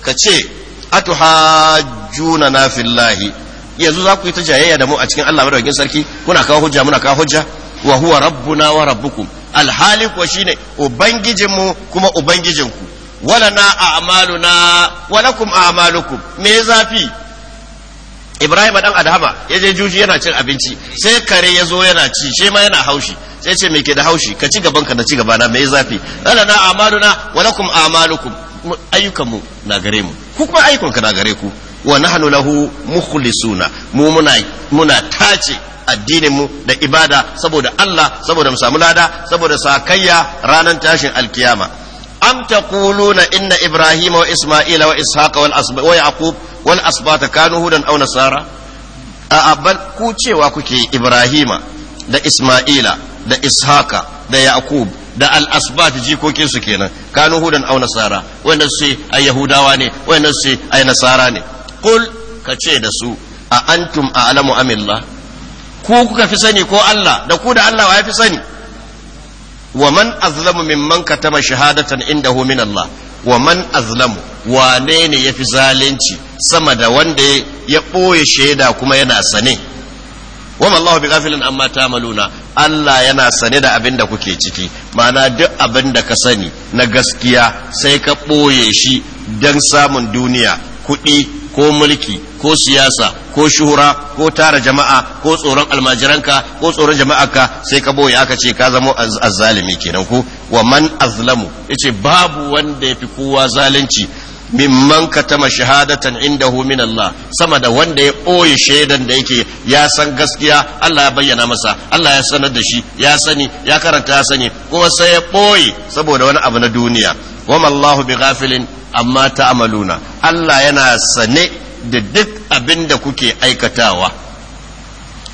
ka ce atuhajjuna na fillahi yanzu za ku yi ta jayayya da mu a cikin Allah madaukakin sarki muna kawo hujja muna kawo hujja wa huwa rabbuna wa rabbukum alhali kuwa shine ubangijinmu kuma ubangijinku wala na a'maluna wa lakum a'malukum me zafi ibrahim dan adama ya je juji yana cin abinci sai kare ya zo yana ci shi ma yana haushi sai ce me ke da haushi ka ci gaban ka da ci gaba na mai zafi lana na amaluna wa lakum amalukum ayyukan mu na gare mu ku kuma ayyukan ka na gare ku wa nahnu lahu mukhlisuna mu muna muna tace addinin mu da ibada saboda Allah saboda mu samu lada saboda sakayya ranar tashin alkiyama am taquluna inna ibrahima wa isma'ila wa ishaqa wal asba wa yaqub wal asbata kanu hudan aw nasara a abal ku cewa kuke ibrahima da isma'ila da ishaqa da yaqub da al-asbat jikokin su kenan kanu hudan aw nasara wannan sai ay yahudawa ne wannan sai ay nasara ne qul ka ce da su a antum a'lamu amillah ku kuka fi sani ko Allah da ku da Allah wa ya fi sani wa man azlamu mimman kataba shahadatan indahu min Allah wa man azlamu wane ne yafi zalunci sama da wanda ya ɓoye shaida kuma yana sane wama Allah bi ghafilin amma ta'maluna Allah yana sane da abin da kuke ciki ma'ana duk abin da ka sani na gaskiya sai ka ɓoye shi don samun duniya kuɗi ko mulki ko siyasa ko shuhura ko tara jama'a ko tsoron almajiranka ko tsoron jama'arka sai ka boye aka ce ka zama azzalimi kenan ko wa man azlamu yace babu wanda yafi kowa zalunci mimman katama shahadatan indahu min Allah sama da wanda ya ɓoye shaidan da yake ya san gaskiya Allah ya bayyana masa Allah ya sanar da shi ya sani ya karanta ya sani kuma sai ya ɓoye saboda wani abu na duniya wama Allahu bi ghafilin amma ta'maluna Allah yana sane da duk abin da kuke aikatawa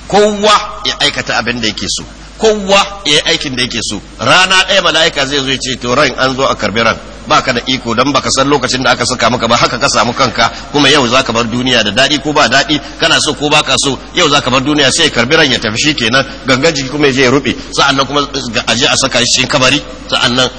kowa ya aikata abin da yake so kowa ya yi aikin da yake so rana ɗaya mala'ika zai zo ce to ran an zo a karbi ran baka da iko dan baka san lokacin da aka saka maka ba haka ka samu kanka kuma yau zaka bar duniya da daɗi ko ba daɗi kana so ko baka so yau zaka bar duniya sai karbi ran ya tafi shi kenan gangan jiki kuma ya je ya rube sa'annan kuma aje a saka shi cikin kabari sa'annan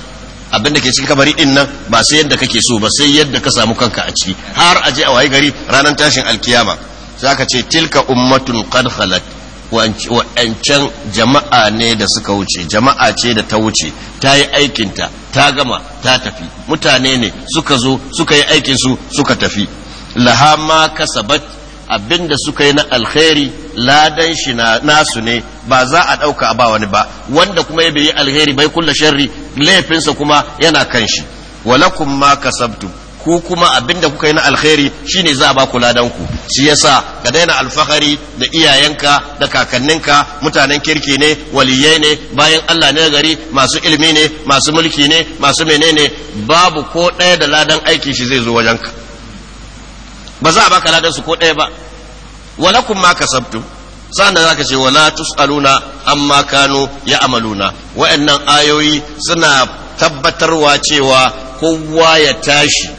abinda ke cikin kabari din nan ba sai yadda kake so ba sai yadda ka samu kanka a ciki har a je a wayi gari ranar tashin alkiyama zaka ce tilka ummatun qad khalat wa'ancan jama'a ne da suka wuce jama'a ce da ta wuce ta yi aikinta ta gama ta tafi mutane ne suka zo suka yi aikin su suka tafi laha ma kasabat abin da suka yi na alheri ladan shi na nasu ne ba za a ɗauka ba wani ba wanda kuma ya bai yi alheri bai kulla sharri laifinsa kuma yana kan shi walakum ma kasabtu ku kuma abin da kuka yi na shi shine za a ba ku ladan ku shi yasa ka daina alfahari da iyayenka da kakanninka mutanen kirki ne waliyai ne bayan Allah ne gari masu ilimi ne masu mulki ne masu menene babu ko ɗaya da ladan aiki shi zai zo wajenka ba za a baka ladan su ko ɗaya ba walakum ma kasabtum sa'an da zaka ce wala tusaluna amma kanu ya amaluna wa'annan ayoyi suna tabbatarwa cewa kowa ya tashi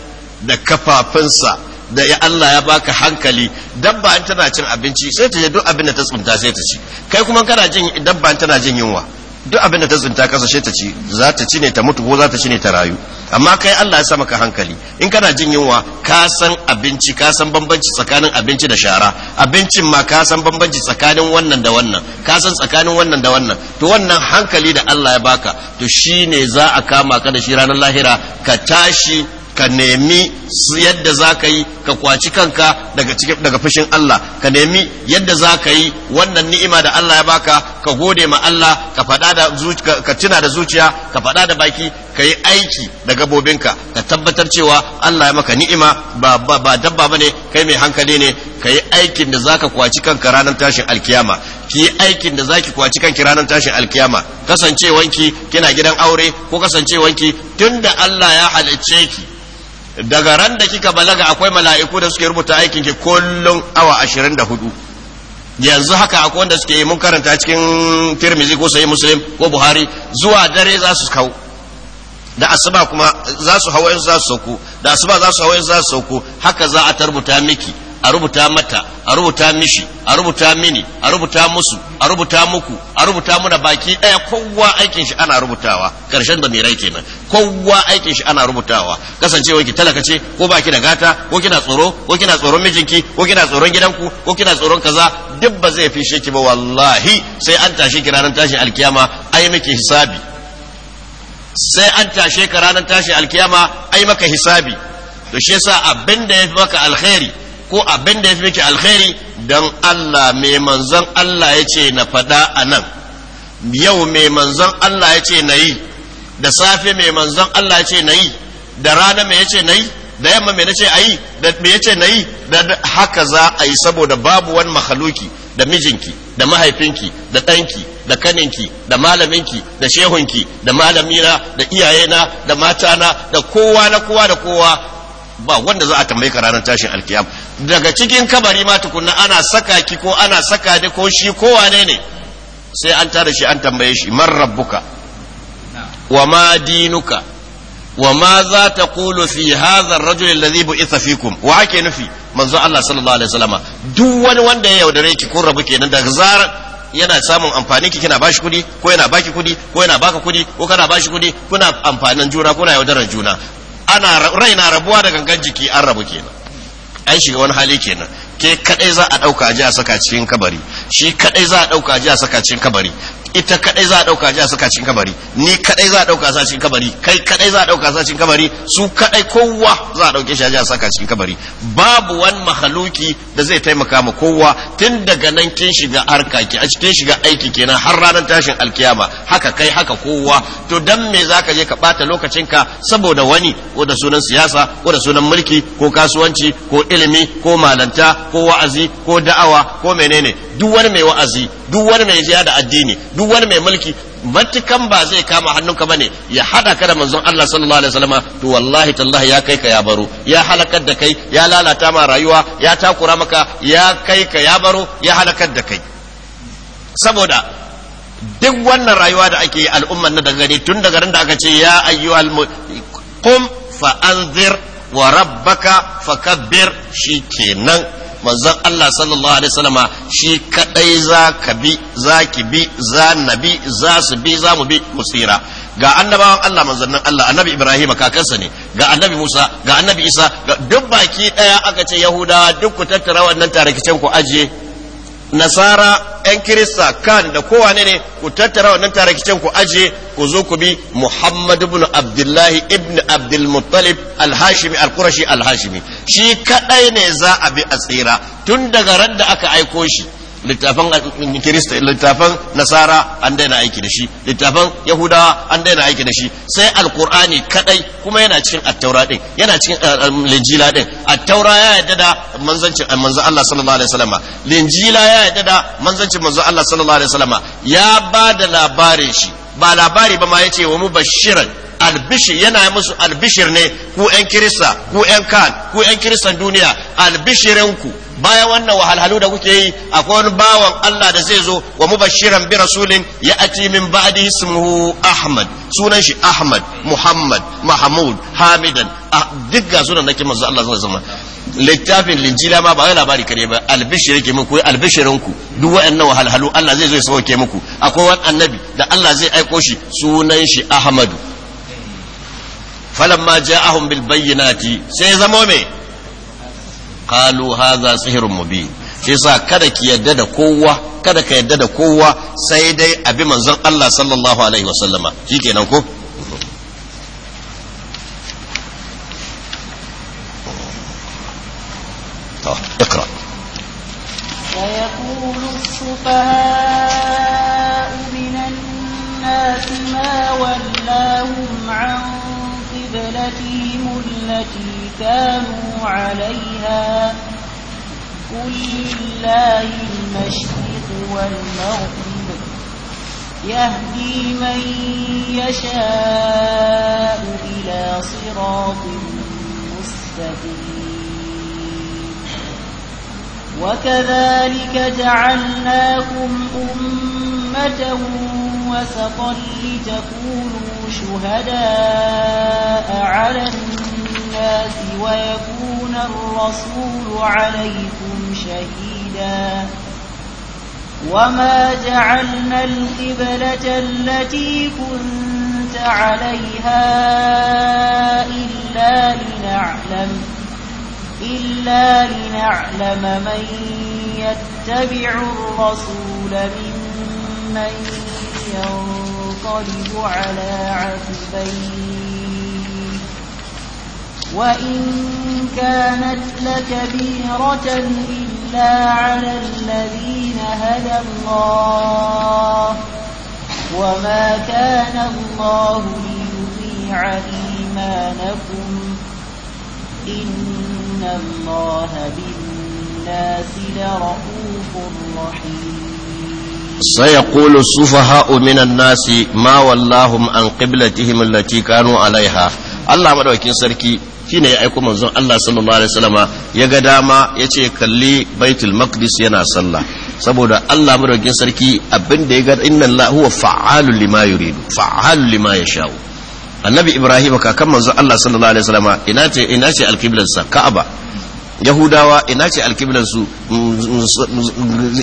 da kafafunsa da ya Allah ya baka hankali dabba in tana cin abinci sai ta je duk abin da ta tsunta sai ta ci kai kuma kana jin dabba in tana jin yunwa duk abin da ta tsinta kasashe ta ci za ta ci ne ta mutu ko za ta ci ne ta rayu amma kai Allah ya sama ka hankali in kana jin yunwa ka san abinci ka san bambanci tsakanin abinci da shara abincin ma ka san bambanci tsakanin wannan da wannan ka san tsakanin wannan da wannan to wannan hankali da Allah ya baka to shine za a kama ka da shi ranar lahira ka tashi ka nemi yadda za ka yi ka kwaci kanka daga fushin Allah ka nemi yadda za ka yi wannan ni'ima da Allah ya baka ka gode ma Allah ka faɗa da zuciya ka tuna da zuciya ka faɗa da baki ka yi aiki da gabobinka ka tabbatar cewa Allah ya maka ni'ima ba ba, ba dabba bane kai mai hankali ne ka yi aikin da za ka kwaci kanka ranar tashin alkiyama ki yi aikin da za ki kwaci kanki ranar tashin alkiyama kasancewanki kina gidan aure ko kasancewanki tunda Allah ya halicce ki daga ran da kika balaga akwai mala'iku da suke rubuta aikin ki kullum awa 24 yanzu haka akwai wanda suke yi mun karanta cikin Tirmidhi ko Sahih Muslim ko Buhari zuwa dare za su kawo da asuba kuma za su hawa za su sauko da asuba za su hawa za su sauko haka za a tarbuta miki a rubuta mata a rubuta mishi a rubuta mini a rubuta musu a rubuta muku a rubuta muna baki ɗaya kowa aikin shi ana rubutawa karshen da mirai kenan kowa aikin shi ana rubutawa kasancewa ki talaka ce ko baki da gata ko kina tsoro ko kina tsoron mijinki ko kina tsoron gidanku ko kina tsoron kaza duk ba zai fishe ki ba wallahi sai an tashi ki ranar tashin alkiyama ai miki hisabi sai an tashe ka ranar tashin alkiyama ai maka hisabi to shi yasa abin ya fi maka alkhairi ko abin da ya fi miki alkhairi don Allah mai manzon Allah ya ce na faɗa a nan yau mai manzon Allah ya ce na yi da safe mai manzon Allah ya ce na yi da rana mai ya ce na yi da yamma mai na ce a yi da mai ya ce na yi da haka za a yi saboda babu wani mahaluki da mijinki da mahaifinki da ɗanki da kaninki da malaminki da shehunki da malamina da iyayena da matana da kowa na kowa da kowa ba wanda za a tambaye ka ranar tashin alkiyam daga cikin kabari ma tukunna ana saka ki ko ana saka da ko shi ko wane ne sai an tare shi an tambaye shi man rabbuka wa ma dinuka wa ma za ta kulu fi hadha ar-rajul alladhi bu'itha fikum wa ake nufi manzo Allah sallallahu alaihi wasallama duk wani wanda ya yaudare ki ko rabu kenan daga zarar yana samun amfani ki kina bashi kudi ko yana baki kudi ko yana baka kudi ko kana bashi kudi kuna amfanin juna kuna yaudarar juna ana raina rabuwa da gangan jiki an rabu kenan an shiga wani hali kenan ke kadai za a dauka a ji a saka cikin kabari shi kadai za a dauka ji a saka cikin kabari ita kadai za a dauka ji a saka cikin kabari ni kadai za a dauka sa cikin kabari kai kadai za a dauka sa cikin kabari su kadai kowa za a dauke shi a saka cikin kabari babu wani mahaluki da zai taimaka ma kowa tun daga nan kin shiga harka ki a cikin shiga aiki kenan har ranar tashin alkiyama haka kai haka kowa to dan me zaka je ka bata lokacinka saboda wani ko da sunan siyasa ko da sunan mulki ko kasuwanci ko ilimi ko malanta ko wa'azi ko da'awa ko menene duk wani mai wa'azi duk wani mai ziya da addini duk wani mai mulki matukan ba zai kama hannunka ne ya hada ka da manzon Allah sallallahu alaihi wasallam to wallahi tallahi ya kai ka ya baro ya halakar da kai ya lalata ma rayuwa ya takura maka ya kai ka ya baro ya halakar da kai saboda duk wannan rayuwa da ake yi al'umman na daga tun daga ran da aka ce ya ayyuhal qum fa anzir wa rabbaka fakabbir shikenan manzon Allah sallallahu alaihi wasallama shi kadai za ka bi za ki bi za nabi za su bi za mu bi musira ga annabawan Allah manzannin Allah annabi Ibrahim kakansa ne ga annabi Musa ga annabi Isa ga duk baki daya aka ce Yahudawa duk ku tattara wannan tarikicen ku ajiye nasara yan kirista kan da kowane ne ku tattara wannan tarakicen ku aje ku zo ku bi Muhammadu ibn abdullahi ibn abdulmuttalib alhashimi alkurashi alhashimi shi kadai ne za a bi a tsira tun daga ran da aka aiko shi littafan eh, kirista littafan nasara an daina aiki da shi littafan yahudawa an daina aiki da shi sai alkur'ani kadai kuma yana cikin attaura din yana cikin eh, eh, linjila din attaura ya yadda da manzancin manzo Allah sallallahu alaihi wasallam linjila ya yadda da manzancin manzo Allah sallallahu alaihi wasallam ya ba da labarin shi ba labari ba ma yace wa mubashiran albishir yana musu albishir ne ku 'yan kirista ku 'yan kan ku 'yan kiristan duniya albishirinku baya wannan wahalhalu da kuke yi akwai wani bawan Allah da zai zo wa mubashiran bi rasulin ya ati min ba'di ismuhu Ahmad sunan shi Ahmad Muhammad Mahmud Hamidan duk ga sunan nake manzo Allah sallallahu alaihi littafin linjila ma ba wai labari kare ba albishir yake muku albishirin ku duk waɗannan wahalhalu Allah zai zo ya sauke muku akwai wani annabi da Allah zai aiko shi sunan shi Ahmadu falamma ja'ahum bil bayyinati sai zama me qalu hadha sihrun mubin shi yasa kada ki yadda da kowa kada ka yadda da kowa sai dai abi manzon Allah sallallahu alaihi wasallama shikenan ko اقرأ ويقول السفهاء من الناس ما ولاهم عن قبلتهم التي كانوا عليها قل لله المشرق والمغرب يهدي من يشاء إلى صراط مستقيم وكذلك جعلناكم أمة وسطا لتكونوا شهداء على الناس ويكون الرسول عليكم شهيدا وما جعلنا القبلة التي كنت عليها إلا لنعلم إلا لنعلم من يتبع الرسول ممن ينقلب على عقبيه وإن كانت لكبيرة إلا على الذين هدى الله وما كان الله ليضيع إيمانكم إن saya الله بالناس لرؤوف رحيم سيقول السفهاء من الناس ما عن قبلتهم التي كانوا عليها sarki shine ya aiko manzon Allah sallallahu alaihi wasallama ya ga dama ya ce kalli baitul maqdis yana sallah saboda Allah sarki abinda ya ga inna Allah huwa fa'alul lima yuridu fa'alul lima yasha'u annabi ibrahim kakan manzo Allah sallallahu alaihi wasallam ina ce ina ce alqiblar sa ka'aba yahudawa ina ce alqiblar su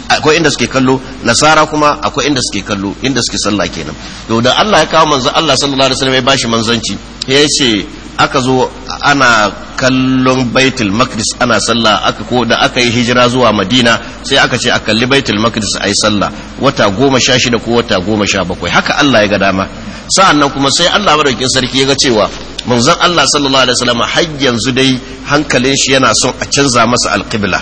akwai inda suke kallo nasara kuma akwai inda suke kallo inda suke sallah kenan to da Allah ya kawo manzo Allah sallallahu alaihi wasallam ya bashi manzanci ya ce aka zo ana kallon baitul maqdis ana sallah aka ko da aka yi hijira zuwa madina sai aka ce a kalli baitul maqdis ayi sallah wata goma sha shida ko wata goma sha bakwai haka Allah ya ga dama sa'annan kuma sai Allah madaukakin sarki ya ga cewa manzon Allah sallallahu alaihi wasallam har yanzu dai hankalin shi yana son a canza masa alqibla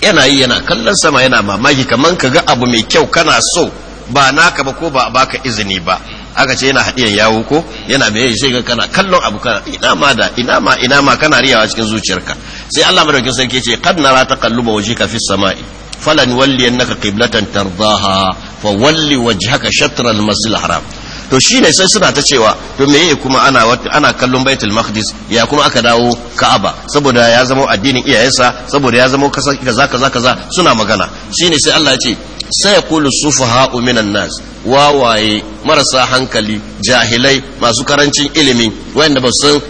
yana yi yana kallon sama yana mamaki kaman kaga abu mai kyau kana so ba naka ba ko ba baka izini ba aka ce yana hadiyan yawo ko yana mai sai ga kana kallon abu kana ina ma da ina ma ina ma kana riyawa cikin zuciyarka sai Allah madaukakin sarki ce qad nara taqalluba wajhika fis sama'i falan walliyannaka qiblatan tardaha fa walli wajhaka shatr al masjid al haram to shine sai suna ta cewa to meye kuma ana kallon baitul maqdis ya kuma aka dawo ka'aba saboda ya zama addinin iyayensa saboda ya zama kaza kaza kaza suna magana shine sai Allah ya ce sai yaqulu sufaha'u minan nas wawaye marasa hankali jahilai masu karancin ilimi wayanda ba san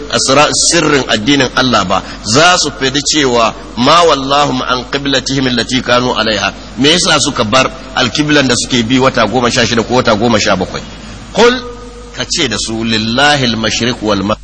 sirrin addinin Allah ba za su fadi cewa ma wallahu an qiblatihim allati kanu alaiha me yasa suka bar alkiblan da suke bi wata shida ko wata bakwai. قل ka ce da المشرق والمغرب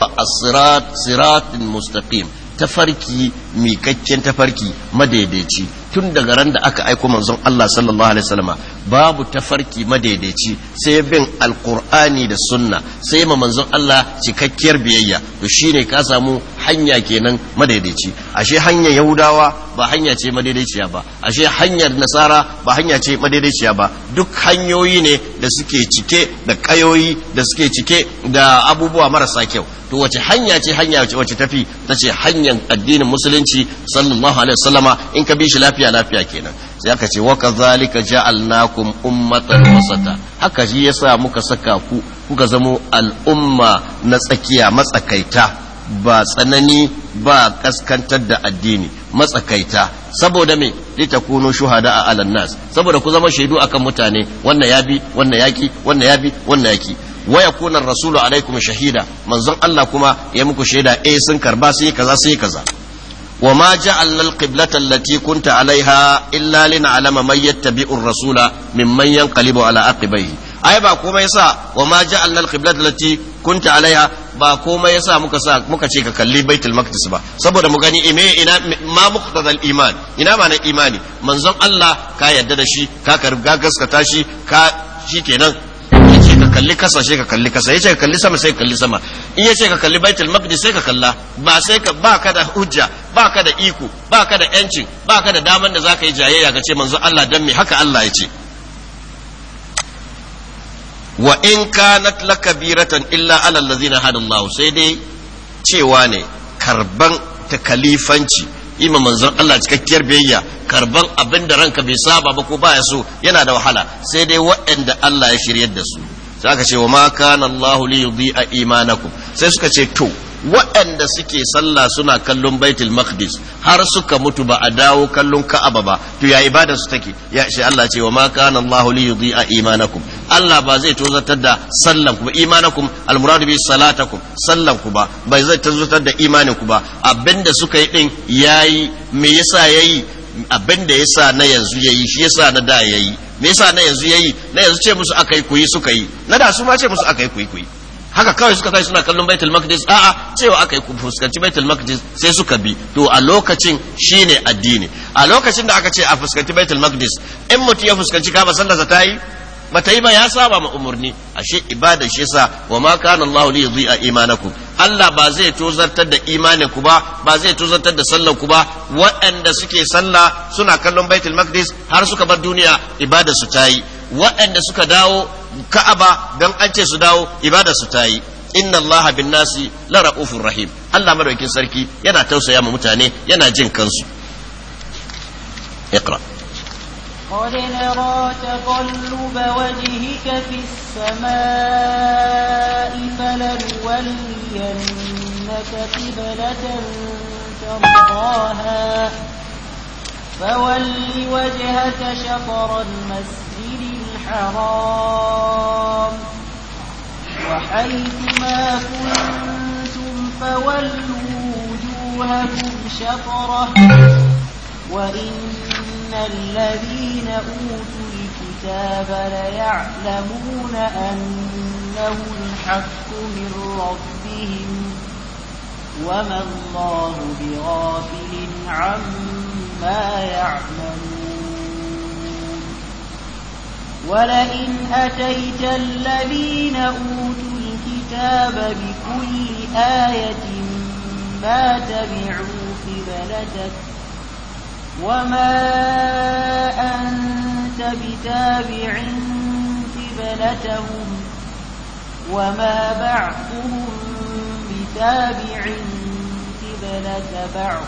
al صراط مستقيم تفركي siratin mustaqim tafarki miƙaccen tafarki madaidaici tun daga ran da aka aiko manzon Allah sallallahu alaihi wasallama babu tafarki madaidaici sai bin alqur'ani da sunna sai ma manzon Allah cikakkiyar biyayya to shine ka samu hanya kenan madaidaici ashe hanyar yahudawa ba hanya ce madaidaiciya ba ashe hanyar nasara ba hanya ce madaidaiciya ba duk hanyoyi ne da suke cike da kayoyi da suke cike da abubuwa marasa kyau to wace hanya ce hanya wace tafi ta ce hanyar addinin musulunci sallallahu alaihi wasallama in ka bi shi lafiya lafiya kenan sai aka ce wa zalika ja'alnakum ummatan wasata haka shi yasa muka saka ku kuka zamo al'umma na tsakiya matsakaita ba tsanani ba kaskantar da addini matsakaita saboda me litakunu shuhada a alan nas saboda ku zama shaidu akan mutane wannan yabi wannan yaki wannan yabi wannan yaki wa yakuna rasulu alaikum shahida manzon Allah kuma ya muku shaida eh sun karba sun yi kaza sun yi kaza wa ma ja'alna al allati kunta alaiha illa lin'alama man yattabi'u ar-rasula mimman yanqalibu ala aqibaihi ai ba komai sa wa ma ja'alna al allati kunta alaiha ba komai yasa muka sa muka ce ka kalli baitul maqdis ba saboda mu gani ime ina ma muqtadal iman ina ma na imani manzon Allah ka yadda da shi ka karga gaskata shi ka shikenan yace ka kalli kasa sai ka kalli kasa yace ka kalli sama sai ka kalli sama in yace ka kalli baitul maqdis sai ka kalla ba sai ka ba ka da hujja ba ka da iko ba ka da yancin ba ka da daman da zaka yi jayayya ka ce manzon Allah dan me haka Allah yace wa in kanat lakabiratan illa ala allazina hadallahu sai dai cewa ne karban takalifanci ima manzon Allah cikakkiyar biyayya karban abin da ranka bai saba ba ko baya so yana da wahala sai dai waɗanda Allah ya shiryar da su sai aka ce wa ma kana Allah li yudhi'a imanakum sai suka ce to waɗanda suke sallah suna kallon baitul maqdis har suka mutu ba a dawo kallon ka'aba ba to ya ibada su take ya shi Allah ce wa ma kana Allahu li yudhi'a imanakum Allah ba zai tozartar da sallan ku ba imanakum almuradu bi salatakum sallan ku ba bai zai tozartar da imanin ku ba abinda suka yi din yayi me yasa yayi abinda yasa na yanzu yayi shi yasa na da yayi me yasa na yanzu yayi na yanzu ce musu akai kuyi suka yi na da su ma ce musu akai kuyi kuyi haka kawai suka kai suna kallon baitul maqdis a'a cewa aka yi fuskanci baitul maqdis sai suka bi to a lokacin shine addini a lokacin da aka ce a fuskanci baitul maqdis in mutum ya fuskanci kaba da ta yi bata yi ba ya saba ma umarni ashe ibada shi yasa wa ma kana Allahu li yudhi'a imanakum Allah ba zai tozartar da imanin ku ba ba zai tozartar da sallar ku ba waɗanda suke sallah suna kallon Baitul Maqdis har suka bar duniya ibada su ta yi waɗanda suka dawo ka'aba don an ce su dawo ibada su ta yi inna allaha bin nasi la ra'ufur rahim Allah madaukin sarki yana tausaya ma mutane yana jin kansu اقرأ قد نرى تقلب وجهك في السماء فلنولينك قبلة ترضاها فول وجهك شطر المسجد حرام وحيث ما كنتم فولوا وجوهكم شطرة وإن الذين أوتوا الكتاب ليعلمون أنه الحق من ربهم وما الله بغافل عما يعملون ولئن أتيت الذين أوتوا الكتاب بكل آية ما تبعوا قبلتك وما أنت بتابع قبلتهم وما بعضهم بتابع بلد بعض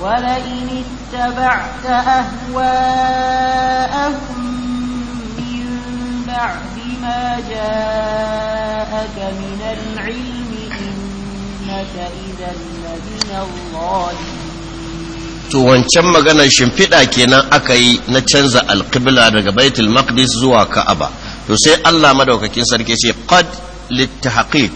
ولئن اتبعت أهواءهم من بعد ما جاءك من العلم إنك إذا لمن الظالمين to wancan maganar shimfiɗa kenan aka yi na canza alƙibla daga baitul maqdis zuwa ka'aba to sai Allah madaukakin sarki ce qad kallu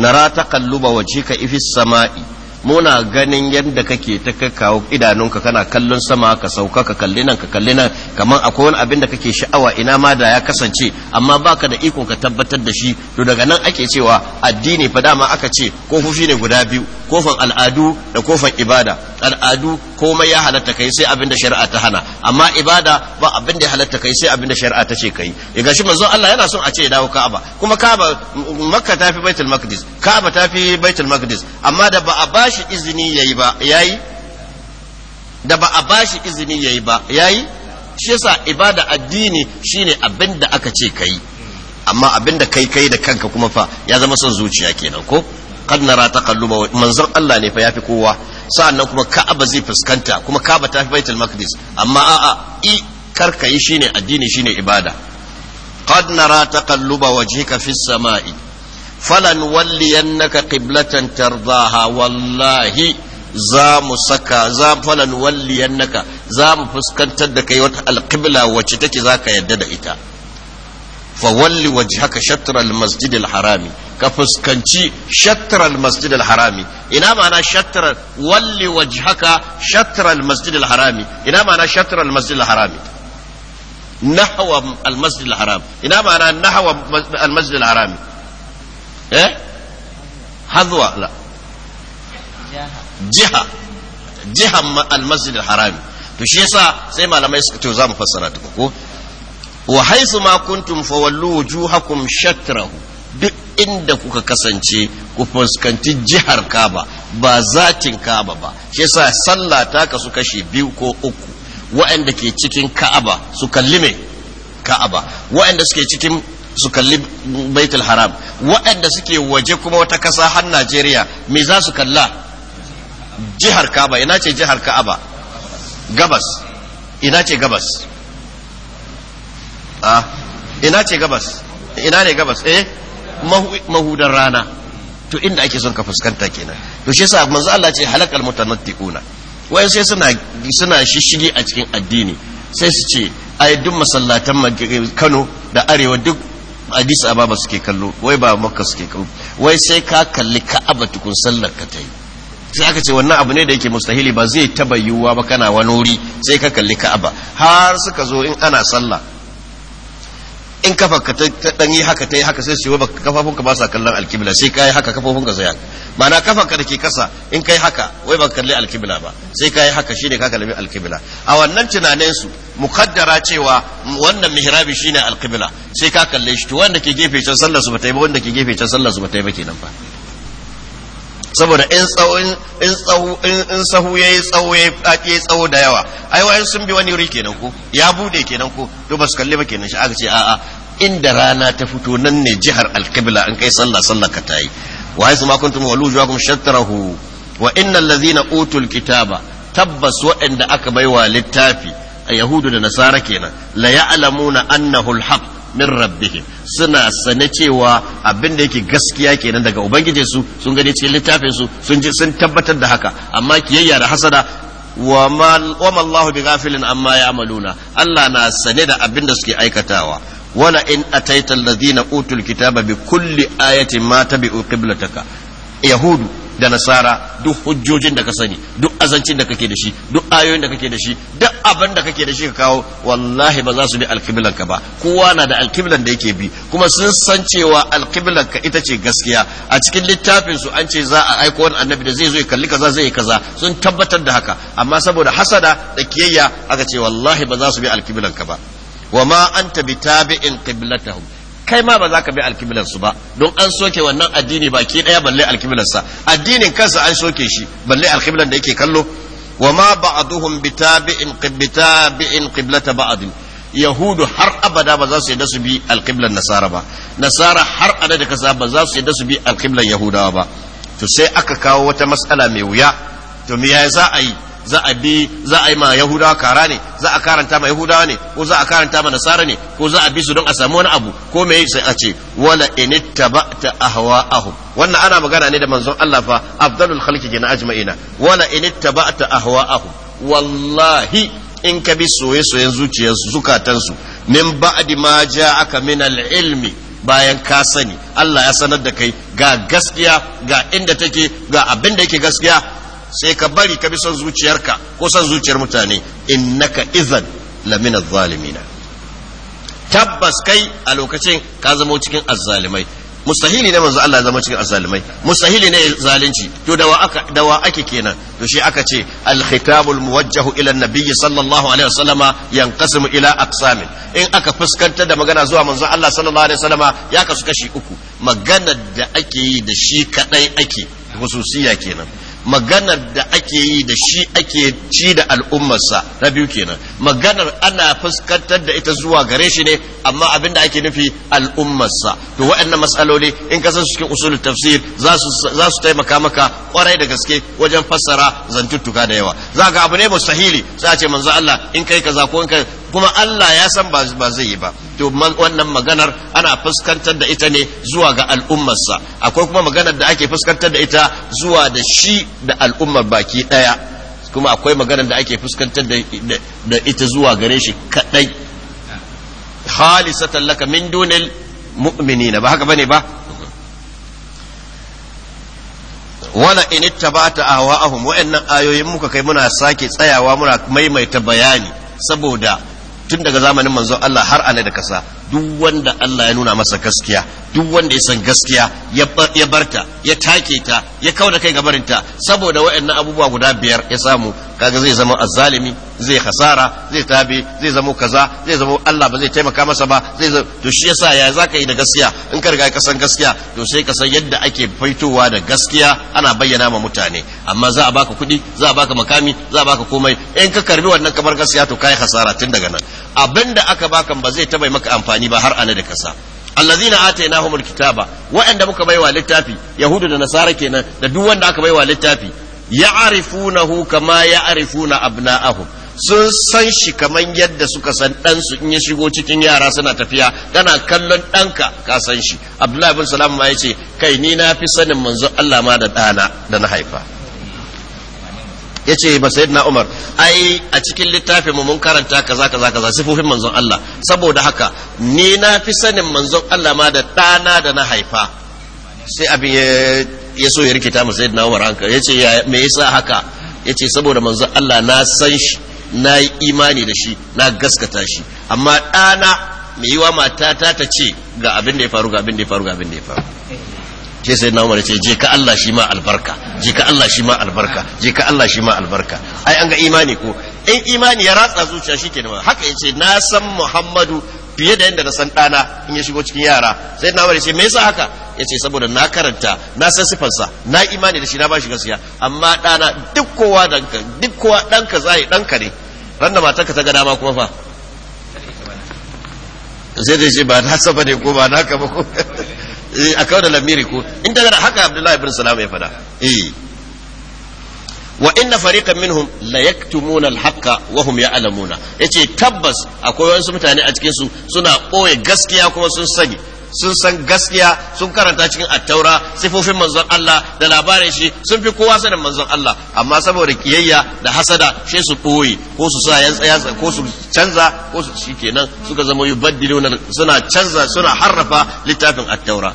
nara taqalluba wajhika ifis sama'i muna ganin yadda kake ta kakkawo idanunka kana kallon sama ka sauka ka kalli nan ka kalli nan kamar akwai wani abin da kake sha'awa ina ma da ya kasance amma baka da iko ka tabbatar da shi to daga nan ake cewa addini fa dama aka ce kofofi ne guda biyu kofan al'adu da kofan ibada al'adu komai ya halatta kai sai abin da shari'a ta hana amma ibada ba abin da ya halatta kai sai abin da shari'a ta ce kai ya gashi manzon Allah yana son a ce ya dawo Ka'aba kuma Ka'aba Makka ta fi Baitul Maqdis Ka'aba ta fi Baitul Maqdis amma da ba a bashi izini yayi ba yayi da ba a bashi izini yayi ba yayi shi yasa ibada addini shine abin da aka ce kai amma abin da kai kai da kanka kuma fa ya zama son zuciya kenan ko kad nara taqalluba manzon Allah ne fa yafi kowa sa'annan kuma ka'aba zai fuskanta kuma ka'aba ta fi baitul maqdis amma a'a i ka yi shine addini shine ibada qad nara taqalluba wajhika fis sama'i falan walliyannaka qiblatan tardaha wallahi za mu saka za falan walliyannaka za mu fuskantar da kai wata alqibla wacce take zaka yadda da ita fa walli wajhaka shatr al masjid al harami ka fuskanci shatr al masjid al harami ina ma'ana shatr walli wajhaka shatr al masjid al harami ina ma'ana shatr al masjid al harami nahwa al masjid al haram ina ma'ana nahwa al masjid al harami eh hadwa la jiha jiha al masjid al harami to shi yasa sai malamai suka to za mu fassara ta ko wa haisu ma kuntum fa wallu wujuhakum shatrahu duk inda kuka kasance ku fuskanci jihar kaba ba zatin kaba ba shi yasa sallah ta kasu kashi biyu ko uku wa'anda ke cikin ka'aba su kalli me ka'aba wa'anda suke cikin su kalli baitul haram wa'anda suke waje kuma wata kasa har najeriya me za su kalla jihar kaba ina ce jihar ka'aba gabas ina ce gabas a ah, ina ce gabas ina ne gabas eh mahudan rana to inda ake son ka fuskanta kenan to shi yasa manzo Allah ce halakal mutanattiquna Wai sai suna suna shishige a cikin addini sai su ce ai duk masallatan Kano da arewa duk Addis Ababa suke kallo wai ba Makka suke kallo wai sai ka kalli Ka'aba tukun sallar ka ta yi sai aka ce wannan abu ne da yake mustahili ba zai taba yiwuwa ba kana wani wuri sai ka kalli Ka'aba har suka zo in ana sallah in kafa ka ta dan yi haka ta yi haka sai su yi kafafunka ba sa kallon alkibla sai kai haka kafafunka sai haka ma'ana kafanka da ke kasa in kai haka wai baka kalli alkibla ba sai ka yi haka shine ka kalli alkibla a wannan tunanin su mukaddara cewa wannan mihrabi shine alkibla sai ka kalle shi to wanda ke gefe can sallar su ba ta yi ba wanda ke gefe can sallar su ba ta yi ba kenan ba saboda in tsawo tsawo sahu yayi tsawo tsawo da yawa ai wayan sun bi wani wuri kenan ko ya bude kenan ko to ba su kalli ba kenan shi aka ce a'a inda rana ta fito nan ne jihar alkabila an kai sallah sallah ka tayi wa haisu ma kuntum shattarahu wa innal ladzina utul kitaba tabbas waɗanda aka baiwa littafi a yahudu da nasara kenan la ya'lamuna annahu alhaq min rabbihim suna sane cewa abin da yake gaskiya kenan daga ubangijin su sun gani cikin littafin su sun ji sun tabbatar da haka amma kiyayya da hasada wa ma Allahu bi ghafilin amma ya'maluna Allah na sane da abin da suke aikatawa wala in ataita alladhina utul kitaba bi kulli ayatin ma tabi'u qiblataka yahudu da nasara duk hujjojin da ka sani duk azancin da kake da shi duk ayoyin da kake da shi duk abin da kake da shi ka kawo wallahi ba za su bi alkiblan ka ba kowa na da alkiblan da yake bi kuma sun san cewa alkiblan ka ita ce gaskiya a cikin littafin su an ce za a aiko wani annabi da zai zo ya kalli kaza zai yi kaza sun tabbatar da haka amma saboda hasada da kiyayya aka ce wallahi ba za su bi alkiblan ka ba wa ma anta bitabi'in qiblatahum kai ma ba za ka bi alkiblar su ba don an soke wannan addini baki daya balle alkiblar sa addinin kansa an soke shi balle alkiblar da yake kallo wa ma ba'duhum bitabi'in bitabi'in qiblata ba'd yahudu har abada ba za su yadda su bi alkiblar nasara ba nasara har adada da kasa ba za su yadda su bi alkiblar yahudawa ba to sai aka kawo wata matsala mai wuya to me ya za a yi za a bi za a yi ma yahudawa kara ne za a karanta ma yahudawa ne ko za a karanta ma nasara ne ko za a bi su don a samu wani abu ko me sai a ce wala inittaba'ta ahwa'ahum wannan ana magana ne da manzon Allah fa afdalul khalqi gina ajma'ina wala inittaba'ta ahwa'ahum wallahi in ka bi soye-soyen zuciyarsu zukatansu min ba'di ma ja'aka min al-ilmi bayan ka sani Allah ya sanar da kai ga gaskiya ga inda take ga abin da yake gaskiya sai ka bari ka bi son zuciyarka ko son zuciyar mutane innaka izan lamina zalimina tabbas kai a lokacin ka zama cikin azzalimai mustahili ne manzo Allah zama cikin azalimai mustahili ne zalunci to dawa aka dawa ake kenan to shi aka ce al-khitabul muwajjahu ila an-nabiy sallallahu alaihi wasallama yanqasimu ila aqsamin in aka fuskantar da magana zuwa manzo Allah sallallahu alaihi wasallama ya kasu kashi uku maganar da ake yi da shi kadai ake hususiya kenan maganar da ake yi da shi ake ci da al'ummarsa na biyu kenan maganar ana fuskantar da ita zuwa gare shi ne amma abin da ake nufi al'ummarsa to waɗannan matsaloli in ka san cikin usulul tafsir za su taimaka maka kwarai da gaske wajen fassara zantuttuka da yawa za ga abu ne mustahili sai a ce manzo Allah in kai kaza ko in kai kuma Allah ya san ba zai yi ba to wannan maganar ana fuskantar da ita ne zuwa ga al'ummarsa akwai kuma maganar da ake fuskantar da ita zuwa da shi da al'ummar baki daya kuma akwai maganar da ake fuskantar da ita zuwa gare shi kadai halisatan laka min dunil mu'minina ba haka bane ba wala in ittaba'ta ahwa'ahum wa'annan ayoyin muka kai muna sake tsayawa muna maimaita bayani saboda tun daga zamanin manzon Allah har anai da kasa duk wanda Allah ya nuna masa gaskiya duk wanda ya san gaskiya ya barta ya take ta ya kauna kai gabarinta saboda waɗannan abubuwa guda biyar ya samu kaga zai zama azzalimi zai hasara zai tabi zai zama kaza zai zama Allah ba zai taimaka masa ba zai to shi yasa ya zaka yi da gaskiya in ka riga ka san gaskiya to sai ka san yadda ake faitowa da gaskiya ana bayyana ma mutane amma za a baka kuɗi za a baka makami za a baka komai in ka karbi wannan kamar gaskiya to kai hasara tun daga nan abinda aka baka ba zai taba maka amfani ba har ana da kasa allazina atainahumul kitaba wa'anda muka baiwa littafi yahudu da nasara kenan da duk wanda aka baiwa littafi ya'rifunahu kama ya'rifuna abna'ahum sun san shi kaman yadda suka san su in ya shigo cikin yara suna tafiya kana kallon ɗanka ka san shi abdullahi bin salam ma yace ce kai ni na fi sanin manzon allah ma da dana da na haifa ya ce ba sayyidina umar ai a cikin littafin mu mun karanta kaza kaza kaza sifofin manzon allah saboda haka ni na fi sanin manzon allah ma da dana da na haifa sai abin ya so ya rikita masa yadda Umar hankali ya ce me yasa haka ya ce saboda manzon Allah na san shi na yi imani da shi na gaskata shi amma ɗana mai yiwa matata ta ce ga abin da ya faru ga abin da ya faru ga abin da ya faru ce sai na umar ce je ka Allah shi ma albarka je ka Allah shi ma albarka je ka Allah shi ma albarka ai an ga imani ko in imani ya ratsa zuciya shi ke kenan haka yace na san Muhammadu fiye da yadda na san ɗana in ya shigo cikin yara sai na bari ce me yasa haka ya ce saboda na karanta na san sifansa na imani da shi na bashi gaskiya amma ɗana duk kowa danka duk kowa ɗanka zai danka ne ran da matarka ta ga dama kuma fa sai da shi ba na saba ne ko ba na ka ba ko eh, a kawo da lamiri ko in ta haka abdullahi ibn salam ya faɗa eh wa inna fariqan minhum la yaktumuna al-haqqa wa hum ya'lamuna yace tabbas akwai wasu mutane a cikin su suna koye gaskiya kuma sun sani sun san gaskiya sun karanta cikin attaura sifofin manzon Allah da labarin shi sun fi kowa sanin manzon Allah amma saboda kiyayya da hasada sai su boye ko su sa yatsa ko su canza ko su shikenan suka zama yubaddiluna suna canza suna harrafa littafin attaura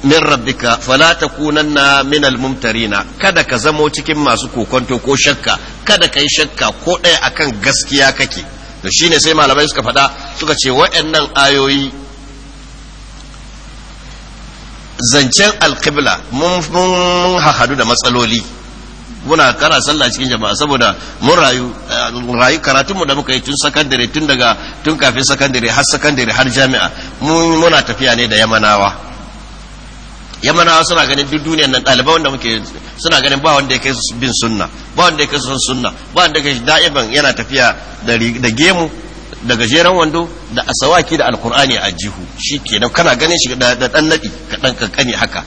min rabbika fala takunanna min almumtarina kada ka zamo cikin masu kokonto ko shakka kada kai shakka ko ɗaya akan gaskiya kake to shine sai malamai suka faɗa suka ce waɗannan ayoyi zancen alqibla mun hahadu da matsaloli muna kara sallah cikin jama'a saboda mun rayu eh, rayu mu da muka yi tun secondary tun daga tun kafin sakandare har sakandare har jami'a mun muna tafiya ne da yamanawa yamanawa suna ganin duk duniyar nan ɗalibai wanda muke suna ganin ba wanda ya kai bin sunna ba wanda ya kai son sunna ba wanda ya kai da'iban yana tafiya da gemu da gajeren wando da asawaki da alkur'ani a jihu shi ke kana ganin shi da ɗan naɗi ka ɗan kankani haka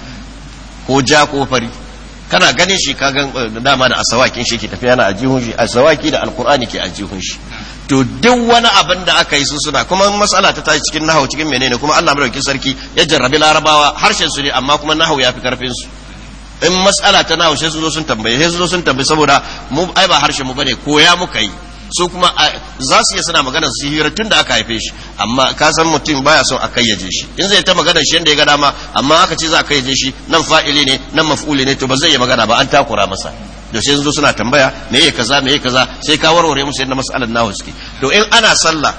ko ja ko fari kana ganin shi ka gan eh, dama da asawakin shi ke tafiya na a jihun shi asawaki da alkur'ani ke a jihun shi to duk wani abin da aka yi su suna kuma matsala ta tashi cikin nahau cikin menene kuma Allah madaukakin sarki ya jarrabi larabawa harshen su ne amma kuma nahau ya fi karfin su in matsala ta nahau sai su zo sun tambaye sai su zo sun tambaye saboda mu ai ba harshen mu bane koya muka yi su kuma za su iya suna magana su hira tun da aka haife shi amma ka san mutum baya son a kayyaje shi in zai ta magana shi yadda ya ga dama amma aka ce za a kayyaje shi nan fa'ili ne nan maf'uli ne to ba zai yi magana ba an takura masa da sai zo suna tambaya me yake kaza me yake kaza sai ka warware musu yadda mas'alar nawa suke to in ana sallah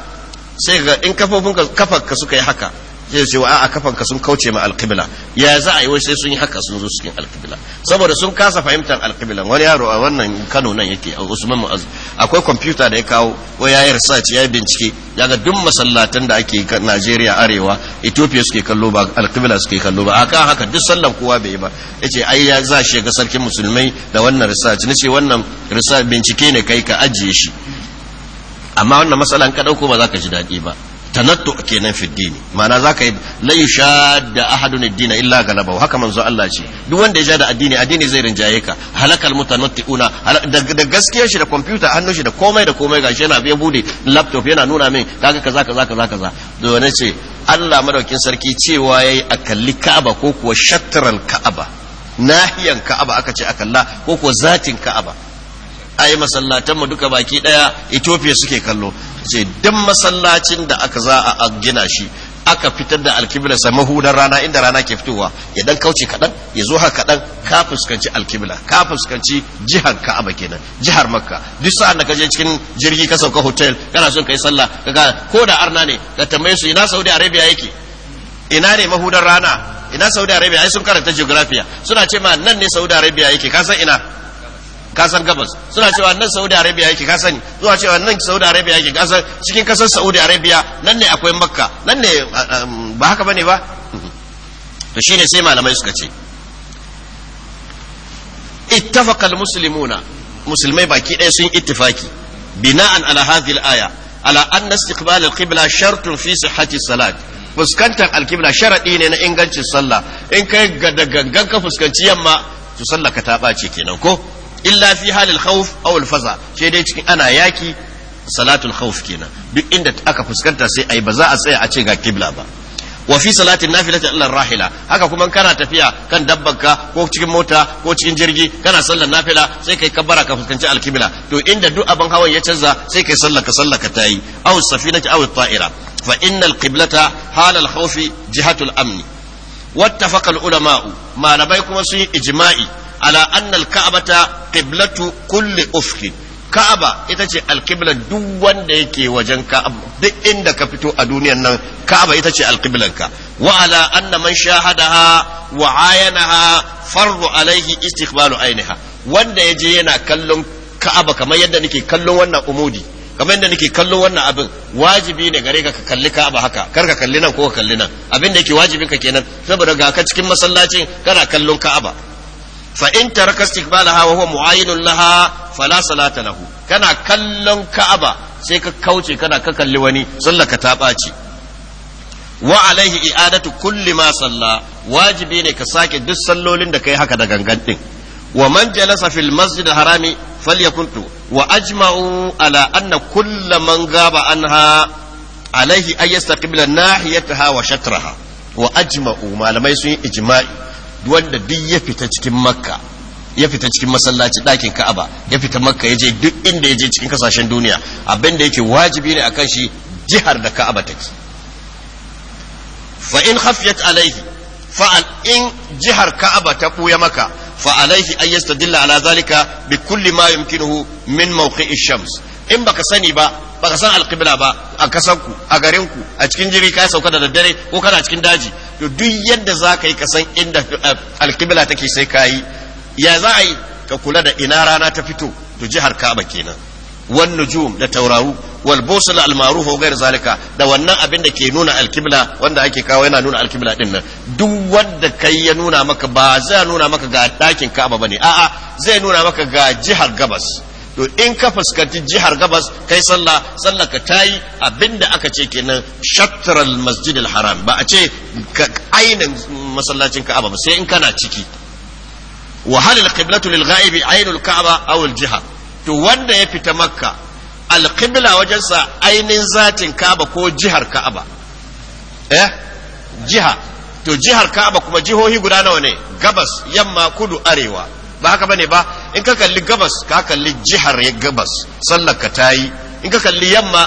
sai ga in kafofin ka suka yi haka zai ce wa a'a kafanka sun kauce ma alqibla ya za a yi wai sai sun yi haka sun zo cikin alqibla saboda sun kasa fahimtar alqibla wani yaro a wannan Kano nan yake a Usman Muaz akwai kwamfuta da ya kawo wai yayi research yi bincike ya ga duk masallatan da ake Najeriya arewa Ethiopia suke kallo ba alqibla suke kallo ba aka haka duk sallan kowa bai yi ba yace ai ya za shi ga sarkin musulmai da wannan research nace wannan research bincike ne kai ka ajiye shi amma wannan matsalan ka dauko ba za ka ji daɗi ba tanattu kenan fi dini ma'ana zaka yi la yushadda ahadun ad-din illa galabahu haka manzo Allah ce duk wanda ya da addini addini zai rinjaye ka halakal mutanatti'una da gaskiyar shi da computer hannu shi da komai da komai gashi yana biya bude laptop yana nuna min kaga kaza kaza kaza kaza to ne ce Allah madaukin sarki cewa yayi a kalli Ka'aba ko kuwa shatral Ka'aba nahiyan Ka'aba aka ce a kalla ko kuwa zatin Ka'aba ai masallatan mu duka baki daya Ethiopia suke kallo ce duk masallacin da aka za a gina shi aka fitar da alkibla sa mahudan rana inda rana ke fitowa ya dan kauce kadan ya zo haka kadan ka fuskanci alkibla ka fuskanci jihar Ka'aba kenan jihar Makka duk sa'an da ka je cikin jirgi ka sauka hotel kana son kai sallah kaga ko da arna ne ka tambaye su ina Saudi Arabia yake ina ne mahudan rana ina Saudi Arabia ai sun karanta geography suna ce ma nan ne Saudi Arabia yake ka san ina kasar gabas suna cewa nan saudi arabia yake ka sani zuwa cewa nan saudi arabia yake kasar cikin kasar saudi arabia nan ne akwai makka nan ne um, ba haka bane ba mhm. to shine sai malamai suka ce ittafaqa almuslimuna musulmai baki ɗaya sun ittifaki bina'an ala hadhihi al-aya ala anna istiqbal al shartun fi sihhati salat fuskantar alkibla sharadi ne na ingancin sallah in kai ga gangan ka fuskanci yamma to sallah ka ta bace kenan ko illa fi halil khawf aw al faza sai dai cikin ana yaki salatul khawf kenan duk inda aka fuskanta sai ai ba za a tsaya a ce ga kibla ba wa fi salatin nafilati illa rahila haka kuma kana tafiya kan dabbanka ko cikin mota ko cikin jirgi kana sallar nafila sai kai kabbara ka fuskanci alkibla to inda duk abin hawan ya canza sai kai sallaka ka tayi aw safinati aw ta'ira fa innal qiblata hala khawfi jihatul amni wattafaqa al ulama'u malamai kuma sun yi ijma'i ala anna al-ka'bata kulli ufqin ka'aba ita ce alqiblan duk wanda yake wajen ka'aba duk inda ka fito a duniyan nan ka'aba ita ce alqiblanka wa ala anna man shahadaha wa alaihi istiqbalu ainiha wanda yaje yana kallon ka'aba kamar yadda nake kallon wannan umudi kamar yadda nake kallon wannan abin wajibi ne gare ka kalli ka'aba haka kar ka kalli nan ko ka kalli nan abin da yake wajibin ka kenan saboda ga cikin masallacin kana kallon ka'aba fa in taraka istiqbalaha wa huwa mu'ayinun laha fala salata lahu kana kallon ka'aba sai ka kauce kana ka kalli wani sallaka ta ɓaci wa alaihi i'adatu kulli ma salla wajibi ne ka sake duk sallolin da kai haka da gangan din wa man jalasa fil masjid harami falyakuntu wa ajma'u ala anna kulla man gaba anha alaihi an yastaqbila nahiyataha wa shatraha wa ajma'u malamai sun yi ijma'i wanda duk ya fita cikin makka ya fita cikin masallaci ɗakin ka'aba ya fita makka ya je duk inda ya je cikin kasashen duniya abin da yake wajibi ne akan shi jihar da ka'aba take fa in khafiyat alaihi fa in jihar ka'aba ta buya maka fa alaihi an yastadilla ala zalika bi kulli ma yumkinuhu min mawqi'i shams in baka sani ba baka san alqibla ba a kasanku a garinku a cikin jiri ka sauka da daddare ko kana cikin daji to duk yadda za ka yi ka san inda eh, alkibla take sai ka yi ya za a yi ka kula da ina rana ta fito to jihar kaba kenan wan nujum da tauraru wal busul al ma'ruf wa zalika da wannan abin da ke nuna alkibla wanda ake kawo yana nuna alkibla din nan duk wanda kai ya nuna maka ba zai nuna maka ga dakin ka'aba bane a'a zai nuna maka ga jihar gabas to in ka fuskanci jihar gabas kai sallah sallah ka tayi abinda aka ce kenan shatral masjidil haram ba a ce ka ainin masallacin ka'aba ba sai in kana ciki wa hal al qiblatu lil ghaibi ainul ka'aba aw al jiha to wanda ya fita makka al qibla wajen sa ainin zatin ka'aba ko jihar ka'aba eh jiha to jihar ka'aba kuma jihohi guda nawa ne gabas yamma kudu arewa ba haka bane ba in ka kalli gabas ka kalli jihar ya gabas sallar ka yi in ka kalli yamma